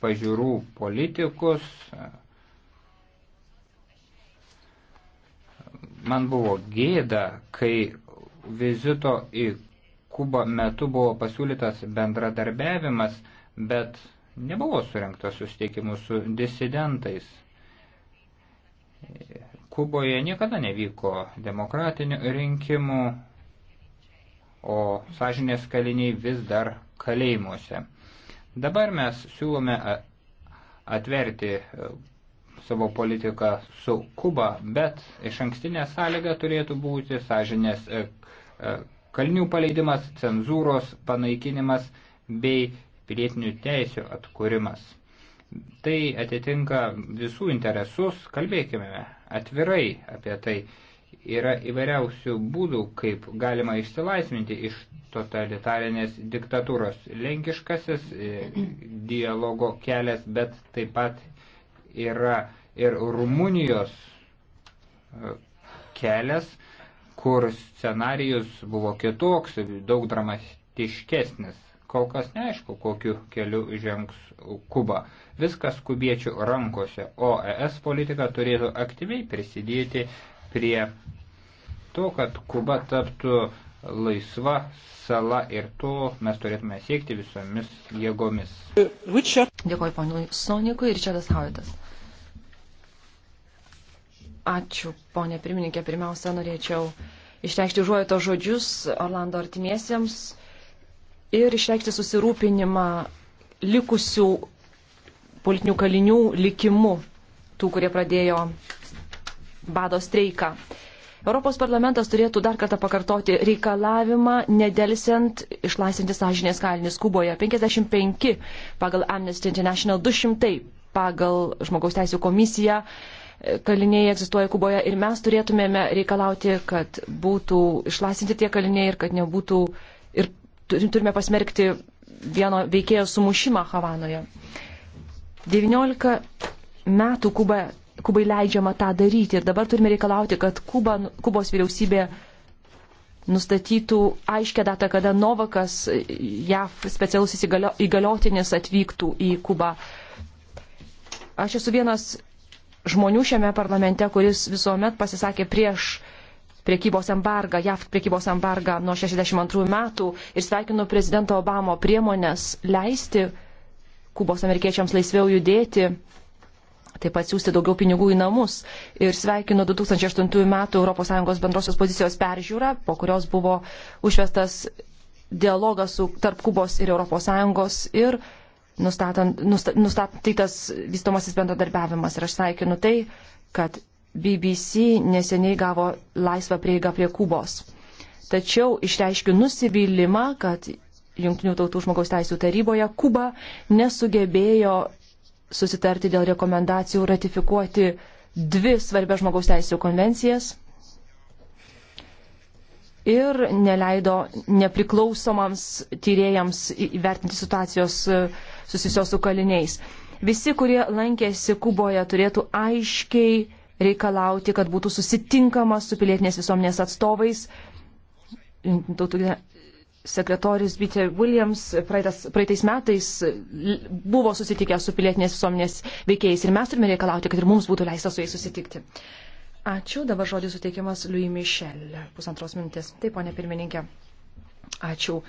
pažiūrų politikus, Man buvo gėda, kai vizito į Kubą metu buvo pasiūlytas bendradarbiavimas, bet nebuvo surinktas susitikimų su disidentais. Kuboje niekada nevyko demokratinių rinkimų, o sąžinės kaliniai vis dar kalėjimuose. Dabar mes siūlome atverti savo politiką su Kuba, bet iš ankstinė sąlyga turėtų būti sąžinės e, e, kalnių paleidimas, cenzūros panaikinimas bei pilietinių teisių atkūrimas. Tai atitinka visų interesus, kalbėkime atvirai apie tai. Yra įvairiausių būdų, kaip galima išsilaisvinti iš totalitarinės diktatūros. Lenkiškasis e, dialogo kelias, bet taip pat yra ir Rumunijos e, kelias, kur scenarijus buvo kitoks, daug dramatiškesnis. Kol kas neaišku, kokiu keliu žengs Kuba. Viskas kubiečių rankose, o ES politika turėtų aktyviai prisidėti prie to, kad Kuba taptų laisva sala ir to mes turėtume siekti visomis jėgomis. Dėkuoju ponui Sonikui ir Čedas Havitas. Ačiū, ponė pirmininkė. Pirmiausia, norėčiau išreikšti užuojato žodžius Orlando artimiesiems ir išreikšti susirūpinimą likusių politinių kalinių likimu, tų, kurie pradėjo bado streiką. Europos parlamentas turėtų dar kartą pakartoti reikalavimą nedelsiant išlaisvinti sąžinės kalinius Kuboje. 55 pagal Amnesty International 200 pagal Žmogaus teisų komisiją e, kaliniai egzistuoja Kuboje ir mes turėtumėme reikalauti, kad būtų išlaisvinti tie kaliniai ir kad nebūtų ir turime pasmerkti vieno veikėjo sumušimą Havanoje. 19 metų Kuba Kubai leidžiama tą daryti. Ir dabar turime reikalauti, kad Kuba, Kubos vyriausybė nustatytų aiškę datą, kada Novakas, JAV specialus įgaliotinis atvyktų į Kubą. Aš esu vienas žmonių šiame parlamente, kuris visuomet pasisakė prieš priekybos embargą, JAV priekybos embargą nuo 62 metų ir sveikinu prezidento Obamo priemonės leisti Kubos amerikiečiams laisviau judėti taip pat siūsti daugiau pinigų į namus. Ir sveikinu 2008 metų ES bendrosios pozicijos peržiūrą, po kurios buvo užvestas dialogas su, tarp Kubos ir ES ir nustatytas vystomasis bendradarbiavimas. Ir aš sveikinu tai, kad BBC neseniai gavo laisvą prieigą prie Kubos. Tačiau išreiškiu nusivylimą, kad Junktinių tautų žmogaus teisų taryboje Kuba nesugebėjo susitarti dėl rekomendacijų ratifikuoti dvi svarbias žmogaus teisų konvencijas ir neleido nepriklausomams tyrėjams įvertinti situacijos e, susijusios su kaliniais. Visi, kurie lankėsi Kuboje, turėtų aiškiai reikalauti, kad būtų susitinkama su pilietinės visuomenės atstovais, tautų sekretorius Bitė Williams praeitas, praeitais metais buvo susitikęs su pilietinės visuomenės veikėjais ir mes turime reikalauti, kad ir mums būtų leista su jais susitikti. Ačiū, dabar žodis suteikiamas Louis Michel, pusantros minutės. Taip, ponė pirmininkė, ačiū.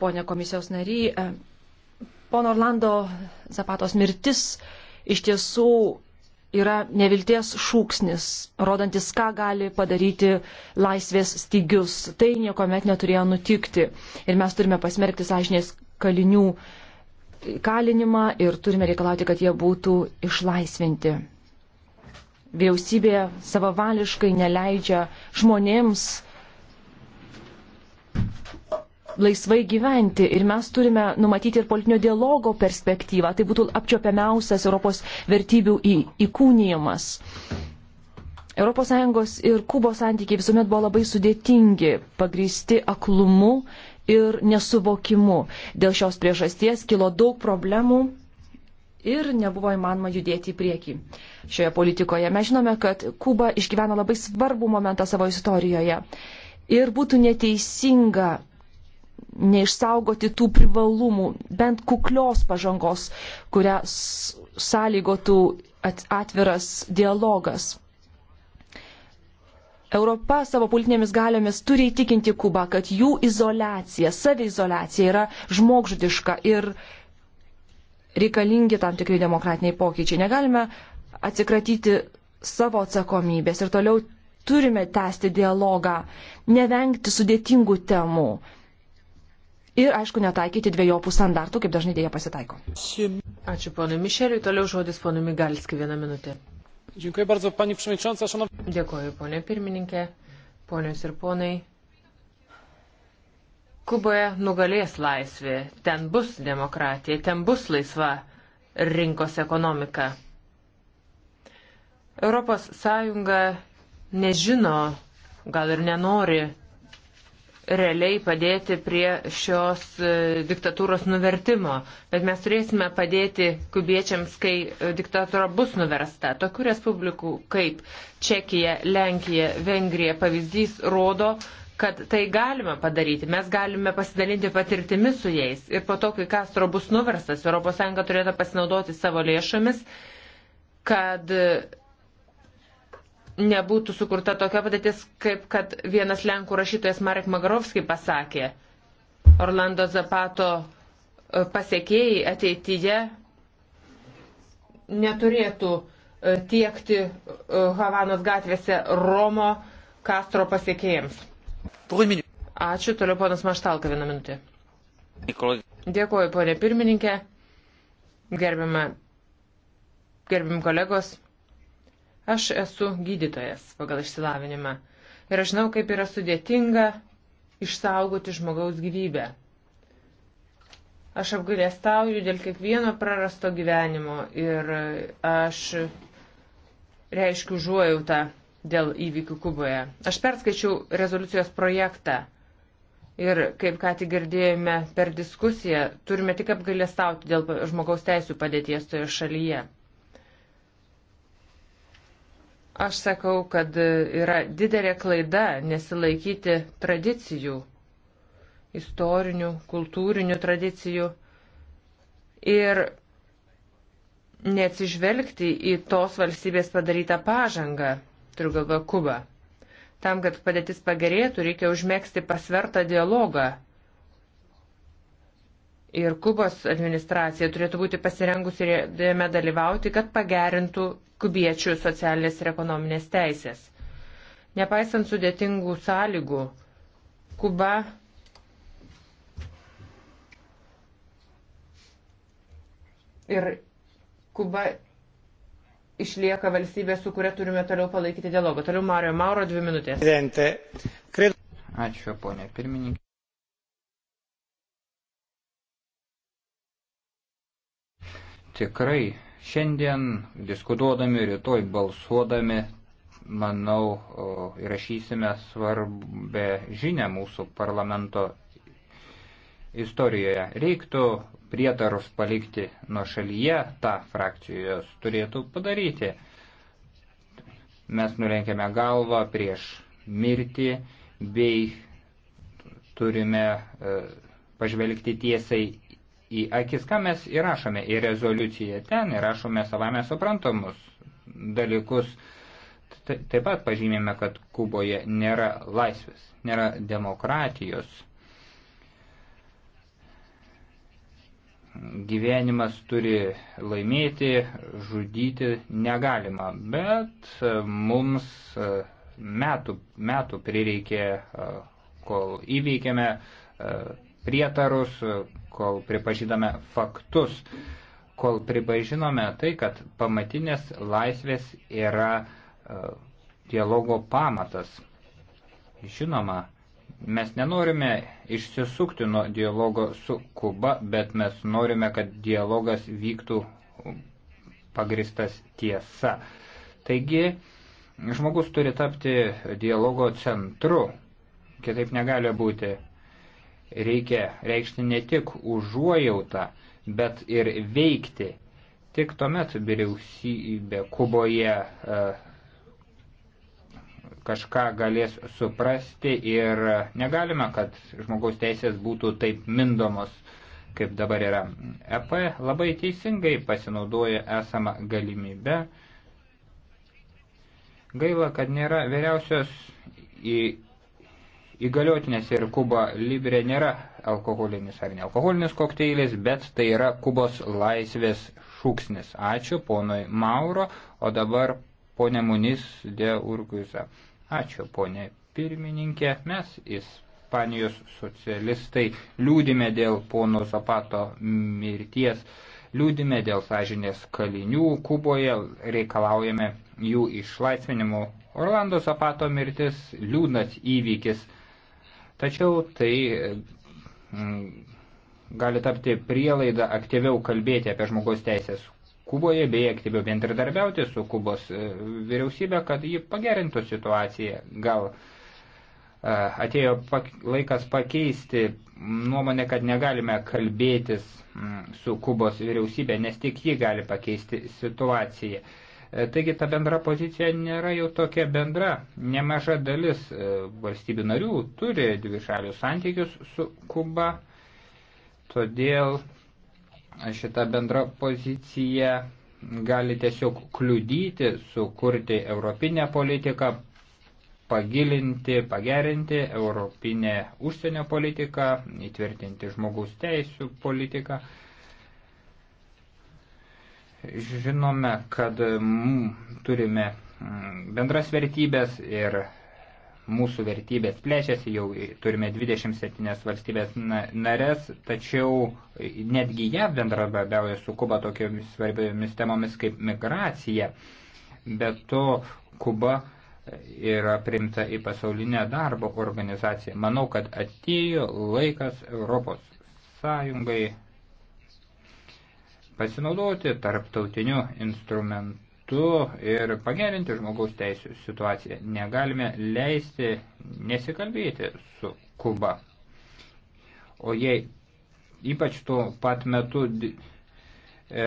Pone komisijos nary, e, pono Orlando Zapatos mirtis iš tiesų yra nevilties šūksnis, rodantis, ką gali padaryti laisvės stygius. Tai niekuomet neturėjo nutikti. Ir mes turime pasmerkti sąžinės kalinių kalinimą ir turime reikalauti, kad jie būtų išlaisvinti. Vyriausybė savavališkai neleidžia žmonėms laisvai gyventi ir mes turime numatyti ir politinio dialogo perspektyvą. Tai būtų apčiopiamiausias Europos vertybių įkūnyjimas. ES ir Kubos santykiai visuomet buvo labai sudėtingi, pagristi aklumu ir nesuvokimu. Dėl šios priežasties kilo daug problemų ir nebuvo įmanoma judėti į priekį šioje politikoje. Mes žinome, kad Kuba išgyvena labai svarbų momentą savo istorijoje. Ir būtų neteisinga neišsaugoti tų privalumų, bent kuklios pažangos, kurią sąlygotų atviras dialogas. Europa savo politinėmis galiomis turi įtikinti Kubą, kad jų izolacija, saviizolacija yra žmogžudiška ir reikalingi tam tikri demokratiniai pokyčiai. Negalime atsikratyti savo atsakomybės ir toliau turime tęsti dialogą, nevengti sudėtingų temų, ir, aišku, netaikyti dviejopų standartų, kaip dažnai dėja pasitaiko. Ačiū ponui Mišeliui, toliau žodis ponui Migalski vieną minutę. Dėkuoju, bardzo, pani Pšimčiansa, šanov... Dėkuoju, ponė pirmininkė, ponios ir ponai. Kuboje nugalės laisvė, ten bus demokratija, ten bus laisva rinkos ekonomika. Europos Sąjunga nežino, gal ir nenori realiai padėti prie šios e, diktatūros nuvertimo, bet mes turėsime padėti kubiečiams, kai e, diktatūra bus nuversta. Tokių respublikų kaip Čekija, Lenkija, Vengrija pavyzdys rodo, kad tai galima padaryti, mes galime pasidalinti patirtimi su jais ir po to, kai Kastro bus nuverstas, ES turėtų pasinaudoti savo lėšomis, kad nebūtų sukurta tokia padėtis, kaip kad vienas Lenkų rašytojas Marek Magarovski pasakė. Orlando Zapato e, pasiekėjai ateityje neturėtų e, tiekti e, Havanos gatvėse Romo Kastro pasiekėjams. Ačiū, toliau ponas Maštalka vieną minutę. Dėkuoju, ponė pirmininkė, gerbiami kolegos. Aš esu gydytojas pagal išsilavinimą ir aš žinau, kaip yra sudėtinga išsaugoti žmogaus gyvybę. Aš apgailėstauju dėl kiekvieno prarasto gyvenimo ir aš reiškiu užuojautą dėl įvykių Kuboje. Aš perskaičiau rezoliucijos projektą ir, kaip ką tik girdėjome per diskusiją, turime tik apgailestauti dėl žmogaus teisų padėties toje šalyje. Aš sakau, kad yra didelė klaida nesilaikyti tradicijų, istorinių, kultūrinių tradicijų ir neatsižvelgti į tos valstybės padarytą pažangą, turiu galvoje Kubą. Tam, kad padėtis pagerėtų, reikia užmėgsti pasvertą dialogą ir Kubos administracija turėtų būti pasirengusi jame dalyvauti, kad pagerintų kubiečių socialinės ir ekonominės teisės. Nepaisant sudėtingų sąlygų, Kuba ir Kuba išlieka valstybė, su kuria turime toliau palaikyti dialogą. Toliau Mario Mauro dvi minutės. Ačiū, ponė pirmininkė. tikrai šiandien diskutuodami, rytoj balsuodami, manau, įrašysime svarbę žinę mūsų parlamento istorijoje. Reiktų prietarus palikti nuo šalyje, tą frakcijos turėtų padaryti. Mes nulenkėme galvą prieš mirtį bei turime e, pažvelgti tiesiai į akis, ką mes įrašome į rezoliuciją. Ten įrašome savame suprantamus dalykus. Taip pat pažymime, kad Kuboje nėra laisvės, nėra demokratijos. Gyvenimas turi laimėti, žudyti negalima, bet e, mums e, metų, metų prireikė, e, kol įveikėme prietarus, kol pripažinome faktus, kol pripažinome tai, kad pamatinės laisvės yra e, dialogo pamatas. Žinoma, mes nenorime išsisukti nuo dialogo su Kuba, bet mes norime, kad dialogas vyktų pagristas tiesa. Taigi, žmogus turi tapti dialogo centru, kitaip negali būti reikia reikšti ne tik užuojautą, bet ir veikti. Tik tuomet vyriausybė Kuboje e, kažką galės suprasti ir negalime, kad žmogaus teisės būtų taip mindomos, kaip dabar yra. EP labai teisingai pasinaudoja esamą galimybę. Gaila, kad nėra vyriausios įgaliotinės ir Kuba Libre nėra alkoholinis ar nealkoholinis kokteilis, bet tai yra Kubos laisvės šūksnis. Ačiū ponui Mauro, o dabar ponė Munis de Urguiza. Ačiū ponė pirmininkė, mes Ispanijos socialistai liūdime dėl pono Zapato mirties. Liūdime dėl sąžinės kalinių Kuboje, reikalaujame jų išlaisvinimo Orlando Zapato mirtis liūdnas įvykis Tačiau tai e, gali tapti prielaida aktyviau kalbėti apie žmogaus teisės Kuboje, bei aktyviau bendradarbiauti su Kubos e, vyriausybė, kad ji pagerintų situaciją. Gal e, atėjo pak, laikas pakeisti nuomonę, kad negalime kalbėtis su Kubos vyriausybė, nes tik ji gali pakeisti situaciją. E, taigi ta bendra pozicija nėra jau tokia bendra. Nemaža dalis e, valstybių narių turi dvišalius santykius su Kuba, todėl šita bendra pozicija gali tiesiog kliudyti, sukurti europinę politiką, pagilinti, pagerinti europinę užsienio politiką, įtvirtinti žmogaus teisų politiką. Žinome, kad mm, turime mm, bendras vertybės ir mūsų vertybės plečiasi, jau turime 27 valstybės narės, tačiau netgi JAV bendradarbiauja su Kuba tokiomis svarbiomis temomis kaip migracija. Be to, Kuba yra primta į pasaulinę darbo organizaciją. Manau, kad atėjo laikas Europos Sąjungai pasinaudoti tarptautiniu instrumentu ir pagerinti žmogaus teisų situaciją. Negalime leisti nesikalbėti su Kuba. O jei ypač tuo pat metu e,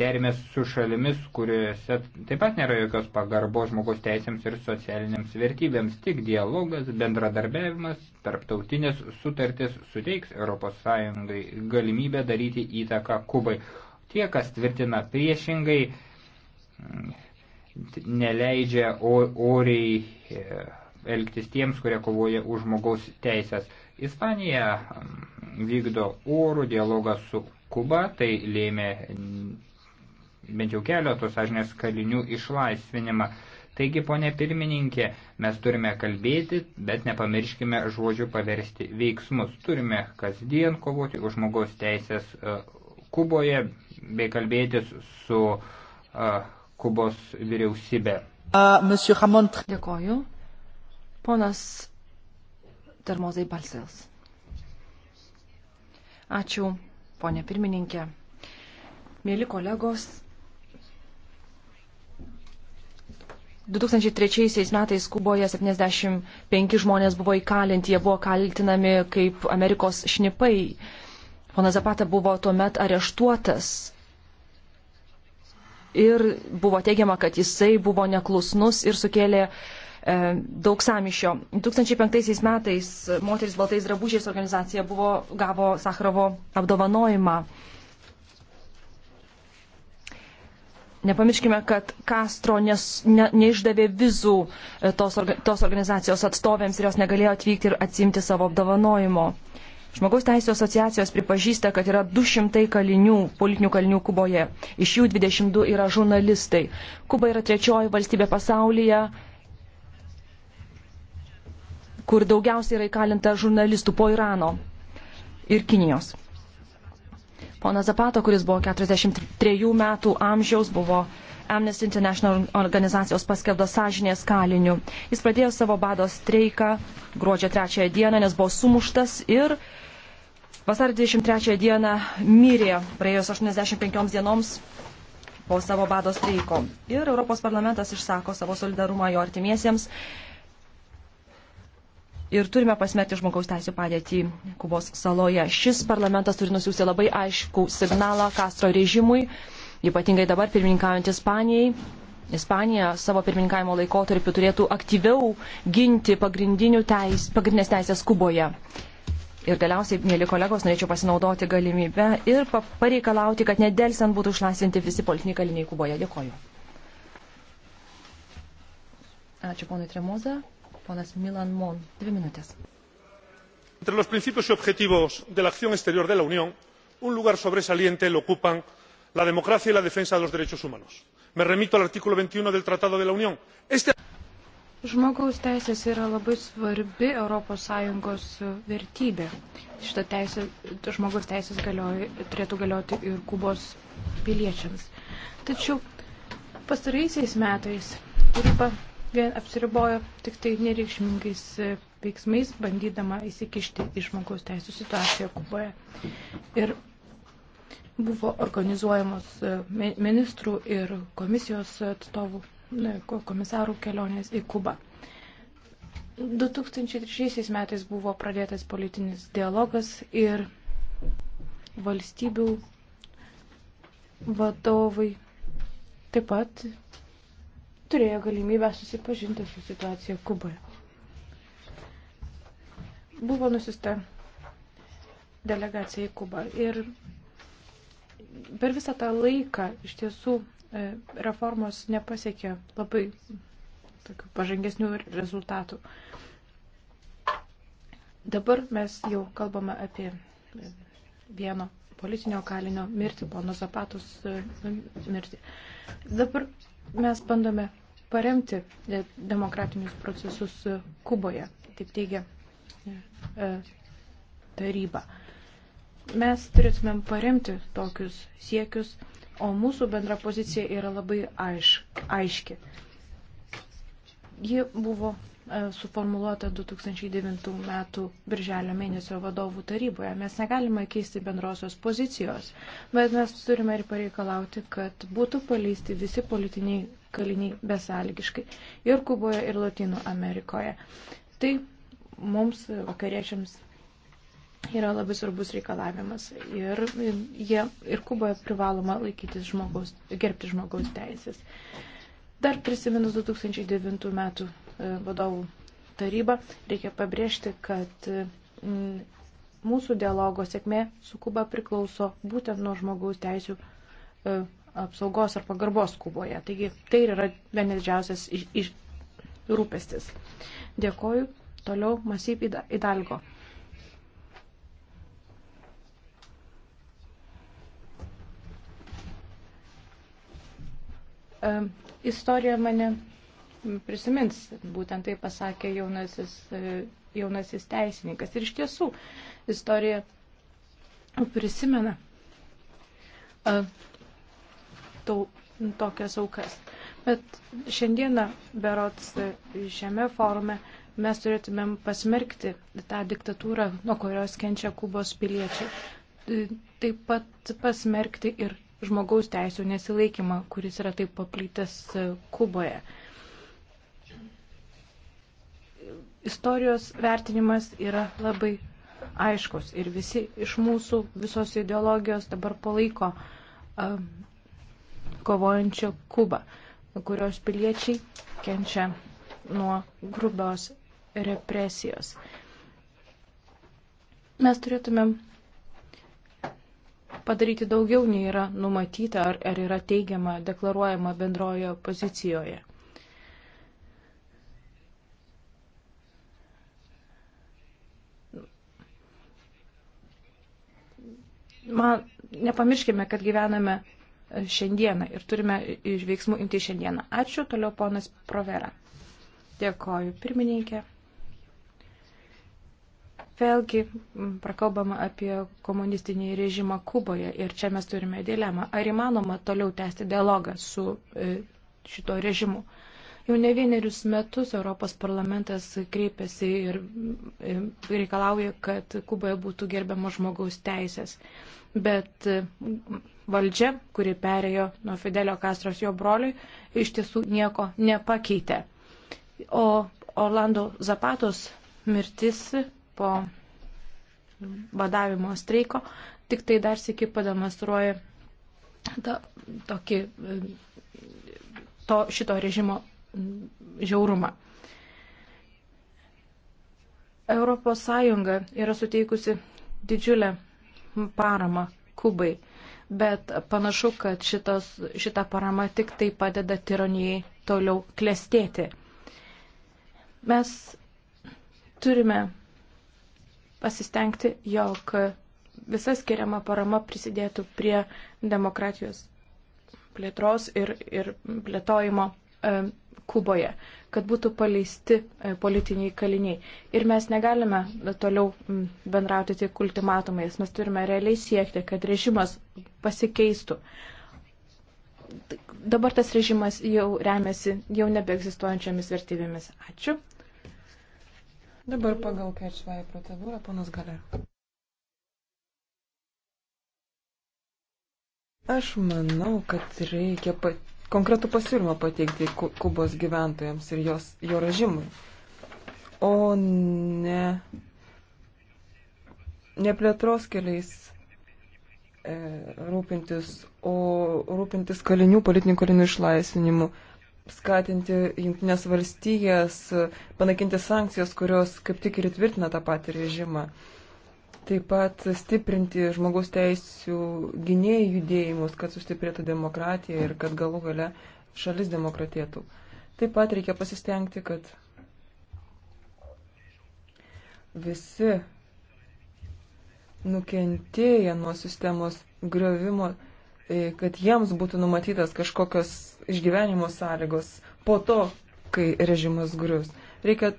termės su šalimis, kuriuose taip pat nėra jokios pagarbos žmogaus teisėms ir socialiniams vertybėms. Tik dialogas, bendradarbiavimas, tarptautinės sutartis suteiks ES galimybę daryti įtaką Kubai. Tie, kas tvirtina priešingai, mm, neleidžia oriai e, elgtis tiems, kurie kovoja už žmogaus teisės. Ispanija mm, vykdo orų dialogą su Kuba, tai lėmė bent jau keletos sąžinės kalinių išlaisvinimą. Taigi, ponė pirmininkė, mes turime kalbėti, bet nepamirškime žodžių paversti veiksmus. Turime kasdien kovoti už žmogaus teisės e, Kuboje bei kalbėtis su e, Kubos vyriausybė. Dėkoju. Ponas Termozai Balsels. Ačiū, ponė pirmininkė. Mėly kolegos, 2003 metais Kuboje 75 žmonės buvo įkalinti, jie buvo kaltinami kaip Amerikos šnipai. Pana Zapata buvo tuomet areštuotas ir buvo teigiama, kad jisai buvo neklusnus ir sukėlė e, daug samišio. 2005 metais moteris baltais drabužiais organizacija buvo, gavo Sakrovo apdovanojimą. Nepamirškime, kad Castro nes, ne, neišdavė vizų e, tos, orga, tos organizacijos atstovėms ir jos negalėjo atvykti ir atsimti savo apdovanojimo. Žmogaus teisų asociacijos pripažįsta, kad yra 200 kalinių, politinių kalinių Kuboje. Iš jų 22 yra žurnalistai. Kuba yra trečioji valstybė pasaulyje, kur daugiausiai yra įkalinta žurnalistų po Irano ir Kinijos. Pona Zapato, kuris buvo 43 metų amžiaus, buvo Amnesty International organizacijos paskelbto sąžinės kaliniu. Jis pradėjo savo bado streiką gruodžio 3 dieną, nes buvo sumuštas ir vasario 23 dieną mirė praėjus 85 dienoms po savo bado streiko. Ir Europos parlamentas išsako savo solidarumą jo artimiesiems ir turime pasmerkti žmogaus teisų padėtį Kubos saloje. Šis parlamentas turi nusiųsti labai aišku signalą Kastro režimui, ypatingai dabar pirmininkaujant Ispanijai. Ispanija savo pirmininkavimo laikotarpiu turėtų aktyviau ginti teis, pagrindinės teisės Kuboje. Ir galiausiai, mėly kolegos, norėčiau pasinaudoti galimybę ir pareikalauti, kad nedelsiant būtų išlaisvinti visi politiniai kaliniai Kuboje. Dėkoju. Ačiū ponui Tremoza. Ponas Milan Mon, dvi minutės. Entre los principios y objetivos de la acción exterior de la Unión, un lugar sobresaliente lo ocupan la democracia y la defensa de los derechos humanos. Me remito al artículo 21 del Tratado de la Unión. Este... Žmogaus teisės yra labai svarbi ES vertybė. Šitą teisę, žmogaus teisės galioja, turėtų galioti ir Kubos piliečiams. Tačiau pastaraisiais metais Kuba vien apsiribojo tik tai nereikšmingais e, veiksmais, bandydama įsikišti į žmogaus teisų situaciją Kuboje. Ir buvo organizuojamos e, ministrų ir komisijos atstovų, komisarų kelionės į Kubą. 2003 metais buvo pradėtas politinis dialogas ir valstybių vadovai taip pat turėjo galimybę susipažinti su situacija Kuboje. Buvo nusista delegacija į Kubą ir per visą tą laiką iš tiesų e, reformos nepasiekė labai tokių pažangesnių rezultatų. Dabar mes jau kalbame apie vieno politinio kalinio mirtį, pono Zapatos e, mirtį. Dabar mes bandome paremti e, demokratinius procesus e, Kuboje, taip teigia e, taryba. Mes turėtumėm paremti tokius siekius, o mūsų bendra pozicija yra labai aiš, aiški. Ji buvo suformuoluota 2009 metų birželio mėnesio vadovų taryboje. Mes negalime keisti bendrosios pozicijos, bet mes turime ir pareikalauti, kad būtų paleisti visi politiniai kaliniai besąlygiškai ir Kuboje, ir Latino Amerikoje. Tai mums, vakariečiams, yra labai svarbus reikalavimas ir, jie, ir Kuboje privaloma laikytis žmogaus, gerbti žmogaus teisės. Dar prisiminus 2009 metų e, vadovų tarybą, reikia pabrėžti, kad mūsų dialogo sėkmė su Kuba priklauso būtent nuo žmogaus teisų e, apsaugos ar pagarbos Kuboje. Taigi tai yra vienas didžiausias iš, iš rūpestis. Dėkoju. Toliau Masyp Idalgo. Istorija mane prisimins, būtent tai pasakė jaunasis, e, jaunasis teisininkas. Ir iš tiesų istorija prisimena e, to, tokias aukas. Bet šiandieną, berots, šiame forume mes turėtumėm pasmerkti tą diktatūrą, nuo kurios kenčia Kubos piliečiai. E, taip pat pasmerkti ir žmogaus teisų nesilaikymą, kuris yra taip paplytęs e, Kuboje. Istorijos vertinimas yra labai aiškus ir visi iš mūsų visos ideologijos dabar palaiko e, kovojančio Kubą, kurios piliečiai kenčia nuo grubios represijos. Mes turėtumėm padaryti daugiau, nei yra numatyta ar, ar yra teigiama, deklaruojama bendrojo pozicijoje. Man, nepamirškime, kad gyvename šiandieną ir turime iš veiksmų imti šiandieną. Ačiū, toliau ponas Provera. Dėkoju, pirmininkė. Vėlgi prakalbama apie komunistinį režimą Kuboje ir čia mes turime dilemą, ar įmanoma toliau tęsti dialogą su e, šito režimu. Jau ne vienerius metus Europos parlamentas kreipiasi ir e, reikalauja, kad Kuboje būtų gerbiamos žmogaus teisės. Bet valdžia, kuri perėjo nuo Fidelio Kastros jo broliui, iš tiesų nieko nepakeitė. O Orlando Zapatos mirtis po badavimo streiko tik tai dar sėki pademonstruoja ta, tokį, to, šito režimo žiaurumą. Europos Sąjunga yra suteikusi didžiulę paramą Kubai bet panašu, kad šitos, šita parama tik tai padeda tironijai toliau klestėti. Mes turime pasistengti, jog visa skiriama parama prisidėtų prie demokratijos plėtros ir, ir plėtojimo e, Kuboje kad būtų paleisti e, politiniai kaliniai. Ir mes negalime toliau bendrauti tik ultimatumais, mes turime realiai siekti, kad režimas pasikeistų. Dabar tas režimas jau remiasi jau nebeegzistuojančiamis vertybėmis. Ačiū. Dabar pagal kerčvąją procedūrą, ponas Galer. Aš manau, kad reikia pat konkretų pasiūlymą pateikti Kubos gyventojams ir jos, jo režimui, o ne, ne plėtros keliais e, rūpintis, o rūpintis kalinių, politinių kalinių išlaisvinimu, skatinti jungtinės valstijas, panaikinti sankcijas, kurios kaip tik ir įtvirtina tą patį režimą. E, Taip pat stiprinti žmogaus teisų gynėjų judėjimus, kad sustiprėtų demokratija ir kad galų gale šalis demokratėtų. Taip pat reikia pasistengti, kad visi nukentėję nuo sistemos griovimo, e, kad jiems būtų numatytas kažkokios išgyvenimo sąlygos po to, kai režimas grius. Reikia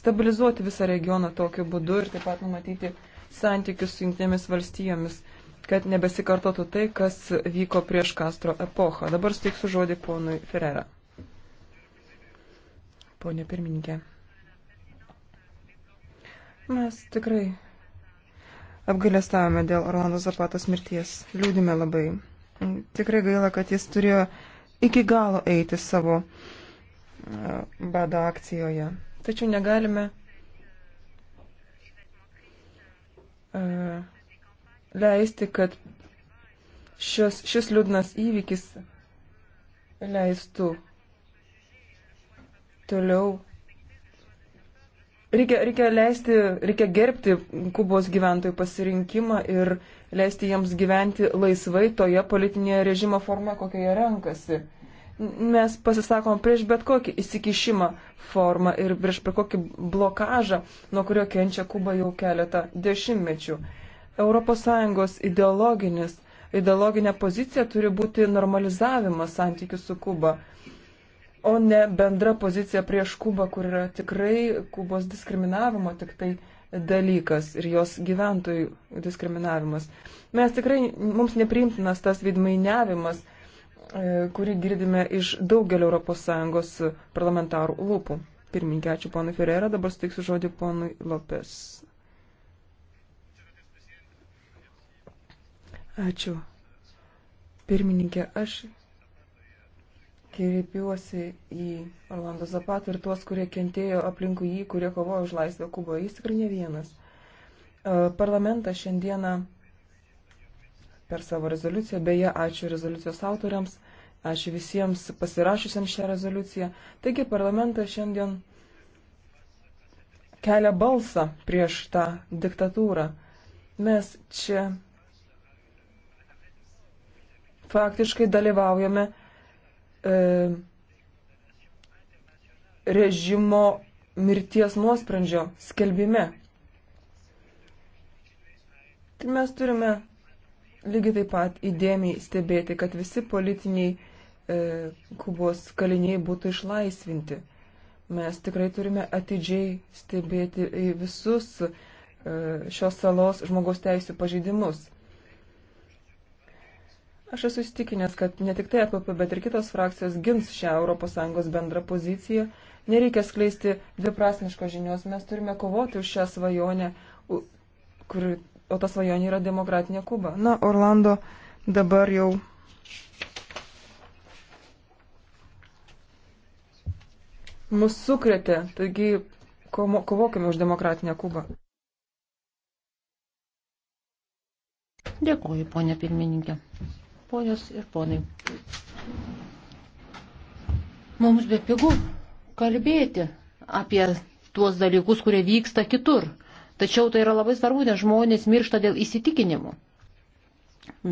stabilizuoti visą regioną tokiu būdu ir taip pat numatyti santykius su jungtinėmis valstijomis, kad nebesikartotų tai, kas vyko prieš Kastro epochą. Dabar steiksiu žodį ponui Ferrera. Pone pirmininkė. Mes tikrai apgailestavome dėl Orlando Zapatos mirties. Liūdime labai. Tikrai gaila, kad jis turėjo iki galo eiti savo bado akcijoje. Tačiau negalime E, leisti, kad šis, šis liūdnas įvykis leistų toliau. Reikia, reikia leisti, reikia gerbti Kubos gyventojų pasirinkimą ir leisti jiems gyventi laisvai toje politinėje režimo forma, kokioje renkasi mes pasisakom prieš bet kokį įsikišimą formą ir prieš bet kokį blokažą, nuo kurio kenčia Kuba jau keletą dešimtmečių. ES ideologinis, ideologinė pozicija turi būti normalizavimas santykių su Kuba, o ne bendra pozicija prieš Kubą, kur yra tikrai Kubos diskriminavimo tik tai dalykas ir jos gyventojų diskriminavimas. Mes tikrai, mums nepriimtinas tas vidmainiavimas E, kurį girdime iš daugelio ES parlamentarų lūpų. Pirmininkė, ačiū ponui Ferreira, dabar steiksiu žodį ponui Lopes. Ačiū. Pirmininkė, aš kreipiuosi į Orlando Zapatą ir tuos, kurie kentėjo aplinkui jį, kurie kovojo už laisvę Kuboje. Jis tikrai ne vienas. E, parlamentas šiandieną per savo rezoliuciją. Beje, ačiū rezoliucijos autoriams, ačiū visiems pasirašusiems šią rezoliuciją. Taigi parlamentas šiandien kelia balsą prieš tą diktatūrą. Mes čia faktiškai dalyvaujame e, režimo mirties nuosprendžio skelbime. Tai mes turime lygiai taip pat įdėmiai stebėti, kad visi politiniai e, Kubos kaliniai būtų išlaisvinti. Mes tikrai turime atidžiai stebėti visus e, šios salos žmogaus teisų pažeidimus. Aš esu įstikinęs, kad ne tik tai APP, e bet ir kitos frakcijos gins šią ES bendrą poziciją. Nereikia skleisti dviprasmiškos žinios, mes turime kovoti už šią svajonę, kur o ta svajonė yra demokratinė Kuba. Na, Orlando dabar jau. Mūsų sukretė, taigi kovokime už demokratinę Kubą. Dėkuoju, ponė pirmininkė. Ponios ir ponai. Mums be pigų kalbėti apie tuos dalykus, kurie vyksta kitur. Tačiau tai yra labai svarbu, nes žmonės miršta dėl įsitikinimų.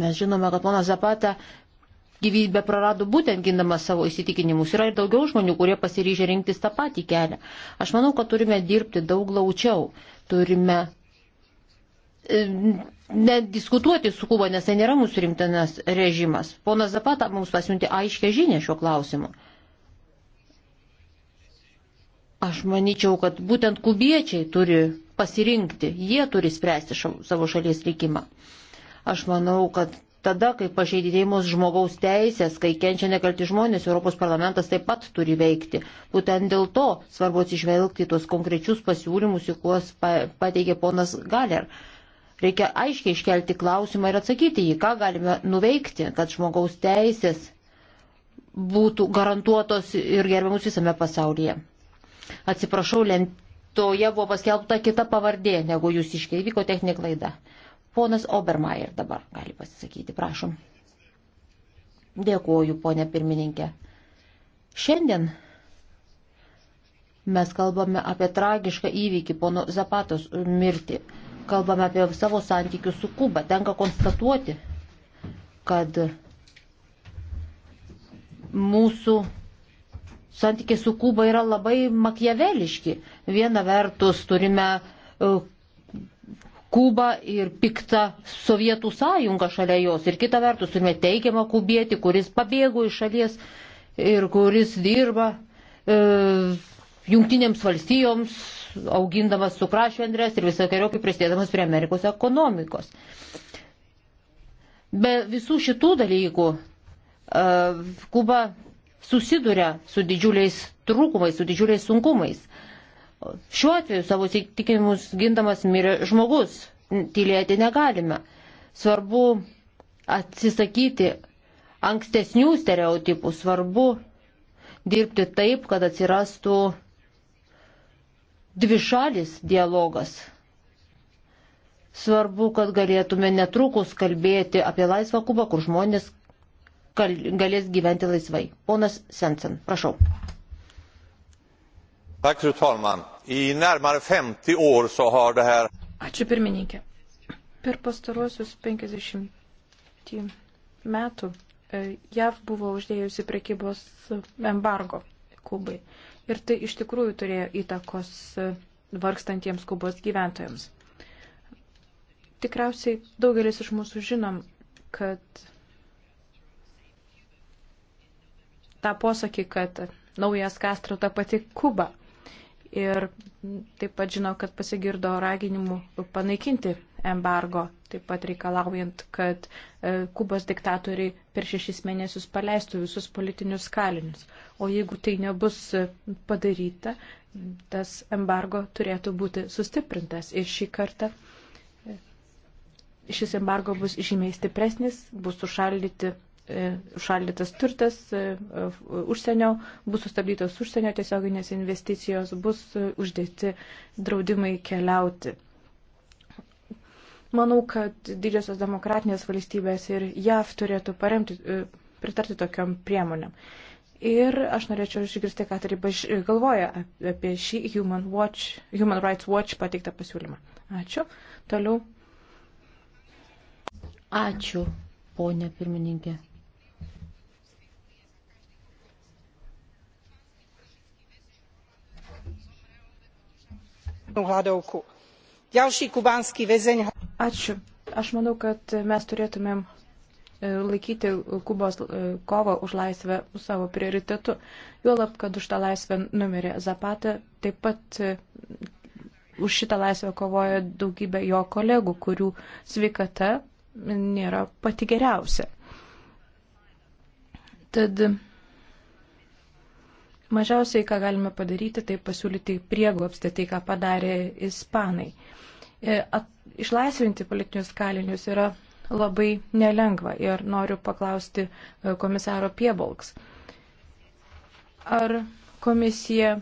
Mes žinome, kad ponas Zapata gyvybę prarado būtent gindamas savo įsitikinimus. Yra ir daugiau žmonių, kurie pasiryžę rinktis tą patį kelią. Aš manau, kad turime dirbti daug glaučiau. Turime e, nediskutuoti su Kuba, nes tai nėra mūsų rimtinas režimas. Ponas Zapata mums pasiunti aiškę žinę šiuo klausimu. Aš manyčiau, kad būtent kubiečiai turi pasirinkti, jie turi spręsti ša, savo šalies likimą. Aš manau, kad tada, kai pažeidinėjimus žmogaus teisės, kai kenčia nekalti žmonės, Europos parlamentas taip pat turi veikti. Būtent dėl to svarbu atsižvelgti tuos konkrečius pasiūlymus, į kuriuos pateikė ponas Galer. Reikia aiškiai iškelti klausimą ir atsakyti jį, ką galime nuveikti, kad žmogaus teisės būtų garantuotos ir gerbiamus visame pasaulyje. Atsiprašau, lent toje buvo paskelbta kita pavardė, negu jūs iškėlė, vyko techninė klaida. Ponas Obermeier dabar gali pasisakyti, prašom. Dėkuoju, ponė pirmininkė. Šiandien mes kalbame apie tragišką įvykį, pono Zapatos mirtį. Kalbame apie savo santykius su Kuba. Tenka konstatuoti, kad mūsų santykiai su Kuba yra labai makjaveliški. Viena vertus turime e, Kubą ir piktą Sovietų sąjungą šalia jos. Ir kita vertus turime teikiamą kubietį, kuris pabėgo iš šalies ir kuris dirba e, jungtinėms valstijoms, augindamas sukrašvendrės ir visokiojopai prisidėdamas prie Amerikos ekonomikos. Be visų šitų dalykų e, Kuba susiduria su didžiuliais trūkumais, su didžiuliais sunkumais. Šiuo atveju savo įtikinimus gindamas mirė žmogus, tylėti negalime. Svarbu atsisakyti ankstesnių stereotipų, svarbu dirbti taip, kad atsirastų dvišalis dialogas. Svarbu, kad galėtume netrukus kalbėti apie laisvą Kubą, kur žmonės galės gyventi laisvai. Ponas Sensen, prašau. Tak, fru talman. I närmare 50 år så har det här... Ačiū pirmininkė. Per pastaruosius 50 metų e, JAV buvo uždėjusi prekybos embargo Kubai. Ir tai iš tikrųjų turėjo įtakos e, vargstantiems Kubos gyventojams. Tikriausiai daugelis iš mūsų žinom, kad tą posakį, kad naujas Kastro ta pati Kuba. Ir taip pat žinau, kad pasigirdo raginimų panaikinti embargo, taip pat reikalaujant, kad e, Kubos diktatoriai per šešis mėnesius paleistų visus politinius kalinius. O jeigu tai nebus e, padaryta, tas embargo turėtų būti sustiprintas. Ir šį kartą e, šis embargo bus žymiai stipresnis, bus sušaldyti E, šaldytas turtas e, e, užsienio, bus sustabdytos užsienio tiesioginės investicijos, bus uždėti draudimai keliauti. Manau, kad didžiosios demokratinės valstybės ir JAV turėtų paremti, pritarti tokiam priemonėm. Ir aš norėčiau išgirsti, ką taryba galvoja apie šį Human, Watch, Human Rights Watch pateiktą pasiūlymą. Ačiū. Toliau. Ačiū, ponė pirmininkė. hladovku. Ďalší kubánsky väzeň. Ačiū. Aš manau, kad mes turėtumėm e, laikyti Kubos e, kovą už laisvę savo prioritetu. Juolab, kad už tą laisvę numirė Zapata, taip pat e, už šitą laisvę kovoja daugybė jo kolegų, kurių sveikata nėra pati geriausia. Tad Mažiausiai, ką galime padaryti, tai pasiūlyti prieglobstį, tai ką padarė ispanai. E, išlaisvinti politinius kalinius yra labai nelengva ir noriu paklausti e, komisaro Piebalks. Ar komisija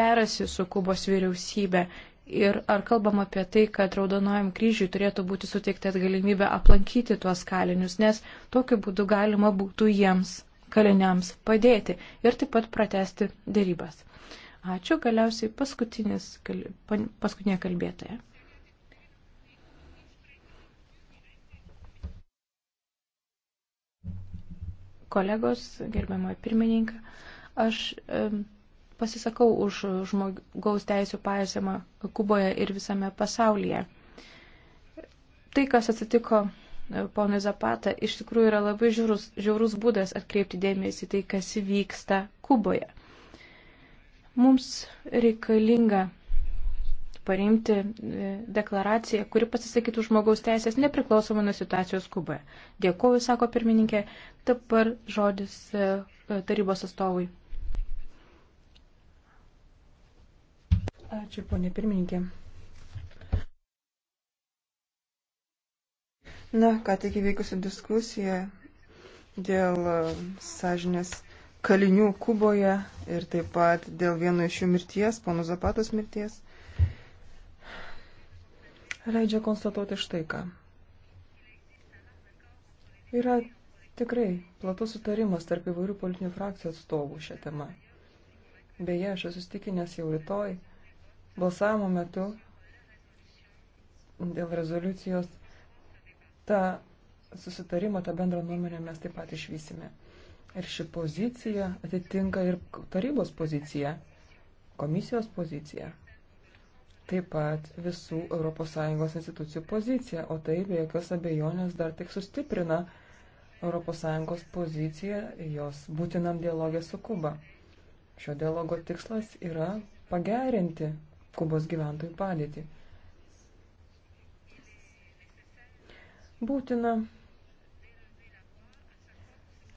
derasi su Kubos vyriausybė ir ar kalbam apie tai, kad Raudonojam kryžiui turėtų būti suteiktas galimybė aplankyti tuos kalinius, nes tokiu būdu galima būtų jiems kaliniams padėti ir taip pat pratesti dėrybas. Ačiū, galiausiai paskutinė kalbėtoja. Kolegos, gerbiamoji pirmininkė, aš e, pasisakau už žmogaus teisų paėsimą Kuboje ir visame pasaulyje. Tai, kas atsitiko ponui Zapata, iš tikrųjų yra labai žiaurus, žiaurus būdas atkreipti dėmesį tai, kas vyksta Kuboje. Mums reikalinga parimti e, deklaraciją, kuri pasisakytų žmogaus teisės nepriklausomai nuo situacijos Kuboje. Dėkuoju, sako pirmininkė, dabar žodis e, e, tarybos atstovui. Ačiū, ponė pirmininkė. Na, ką tik įvykusi diskusija dėl e, sąžinės kalinių Kuboje ir taip pat dėl vieno iš jų mirties, pono Zapatos mirties, leidžia konstatuoti štai ką. Yra tikrai platus sutarimas tarp įvairių politinių frakcijų atstovų šią temą. Beje, aš esu stikinęs jau rytoj balsavimo metu dėl rezoliucijos tą susitarimą, tą bendrą nuomonę mes taip pat išvysime. Ir ši pozicija atitinka ir tarybos poziciją, komisijos poziciją, taip pat visų ES institucijų poziciją, o tai be jokios abejonės dar tik sustiprina ES poziciją jos būtinam dialogė su Kuba. Šio dialogo tikslas yra pagerinti Kubos gyventojų padėtį. būtina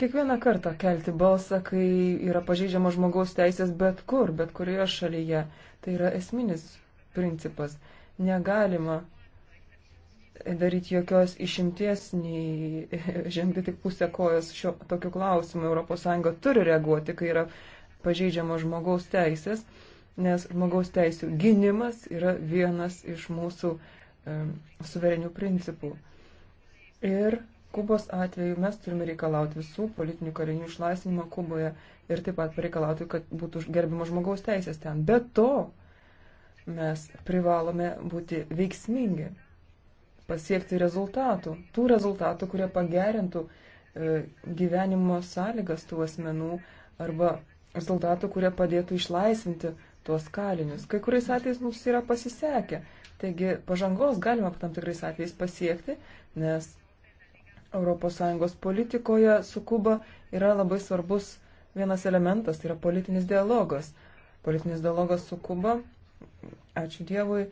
kiekvieną kartą kelti balsą, kai yra pažeidžiama žmogaus teisės bet kur, bet kurioje šalyje. Tai yra esminis principas. Negalima daryti jokios išimties, nei žengti tik pusę kojas šio, tokiu klausimu. ES turi reaguoti, kai yra pažeidžiama žmogaus teisės, nes žmogaus teisų gynimas yra vienas iš mūsų um, suverenių principų. Ir Kubos atveju mes turime reikalauti visų politinių karinių išlaisvinimo Kuboje ir taip pat pareikalauti, kad būtų gerbimas žmogaus teisės ten. Be to, mes privalome būti veiksmingi, pasiekti rezultatų, tų rezultatų, kurie pagerintų e, gyvenimo sąlygas tų asmenų arba rezultatų, kurie padėtų išlaisvinti tuos kalinius. Kai kuriais atvejais mums yra pasisekę. Taigi pažangos galima tam tikrais atvejais pasiekti, nes ES politikoje su Kuba yra labai svarbus vienas elementas, tai yra politinis dialogas. Politinis dialogas su Kuba, ačiū Dievui,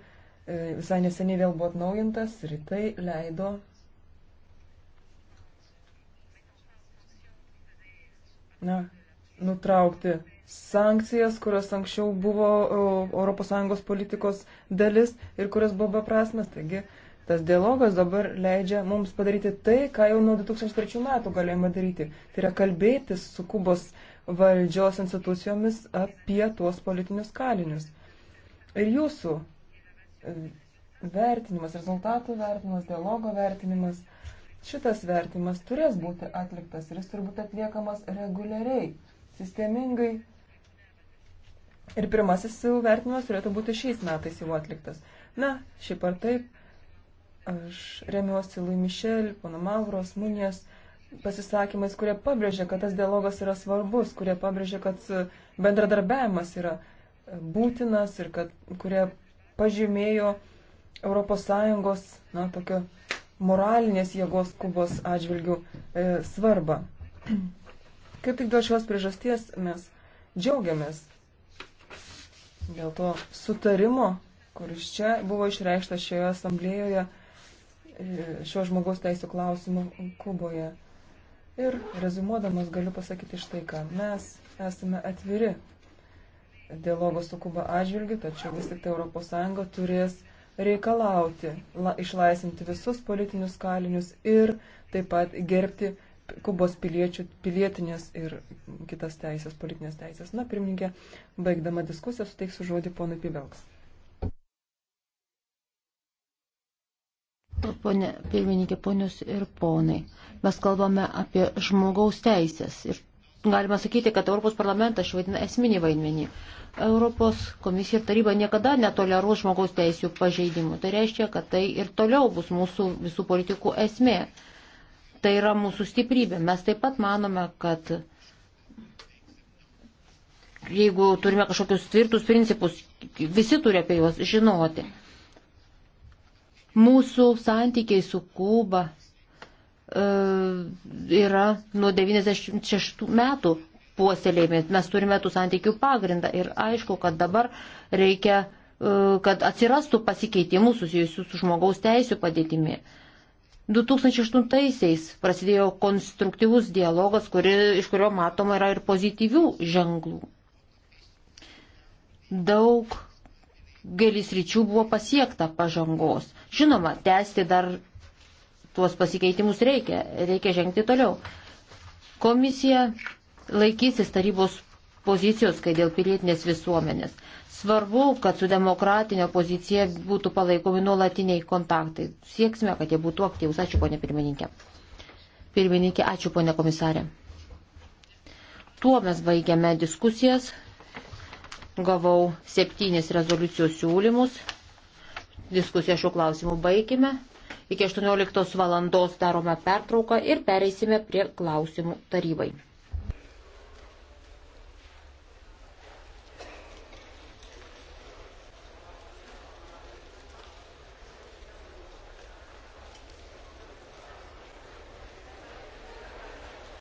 e, visai neseniai vėl buvo atnaujintas ir tai leido. Na, nutraukti sankcijas, kurios anksčiau buvo ES politikos dalis ir kurios buvo beprasmės. Taigi, uh, Tas dialogas dabar leidžia mums padaryti tai, ką jau nuo 2003 metų galėjome daryti. Tai yra kalbėtis su Kubos valdžios institucijomis apie tuos politinius kalinius. Ir jūsų e, vertinimas, rezultatų vertinimas, dialogo vertinimas, šitas vertinimas turės būti atliktas ir jis turi būti atliekamas reguliariai, sistemingai. Ir pirmasis vertinimas turėtų būti šiais metais jau atliktas. Na, šiaip ar taip, Aš remiuosi Lui Mišel, pono Mauros, Munės pasisakymais, kurie pabrėžia, kad tas dialogas yra svarbus, kurie pabrėžia, kad e, bendradarbiavimas yra e, būtinas ir kad, kurie pažymėjo ES na, tokio moralinės jėgos Kubos atžvilgių e, svarbą. Kaip tik dėl šios priežasties mes džiaugiamės dėl to sutarimo, kuris čia buvo išreikšta šioje asamblėjoje šio žmogaus teisų klausimų Kuboje. Ir rezumuodamas galiu pasakyti štai ką. Mes esame atviri dialogo su Kuba atžvilgiu, tačiau vis tik tai ES turės reikalauti la, išlaisinti visus politinius kalinius ir taip pat gerbti Kubos piliečių pilietinės ir kitas teisės, politinės teisės. Na, pirmininkė, baigdama diskusiją, suteiksiu žodį ponui Pivelks. Pone pirmininkė, ponius ir ponai, mes kalbame apie žmogaus teisės ir galima sakyti, kad Europos parlamentas švaidina esminį vaidmenį. Europos komisija ir taryba niekada netoleruos žmogaus teisų pažeidimų. Tai reiškia, kad tai ir toliau bus mūsų visų politikų esmė. Tai yra mūsų stiprybė. Mes taip pat manome, kad jeigu turime kažkokius tvirtus principus, visi turi apie juos žinoti. Mūsų santykiai su Kuba e, yra nuo 96 metų puoselėjami. Mes turime tų santykių pagrindą ir aišku, kad dabar reikia, e, kad atsirastų pasikeitimų susijusių su žmogaus teisų padėtimi. 2008-aisiais prasidėjo konstruktyvus dialogas, kuri, iš kurio matoma yra ir pozityvių ženklų. Daug daugelis ryčių buvo pasiekta pažangos. Žinoma, tęsti dar tuos pasikeitimus reikia, reikia žengti toliau. Komisija laikysis tarybos pozicijos, kai dėl pilietinės visuomenės. Svarbu, kad su demokratinė pozicija būtų palaikomi nuolatiniai kontaktai. Sieksime, kad jie būtų aktyvus. Ačiū, ponė pirmininkė. Pirmininkė, ačiū, ponė komisarė. Tuo mes baigiame diskusijas. Gavau septynis rezoliucijos siūlymus. Diskusiją šiuo klausimu baigime. Iki 18 valandos darome pertrauką ir pereisime prie klausimų tarybai.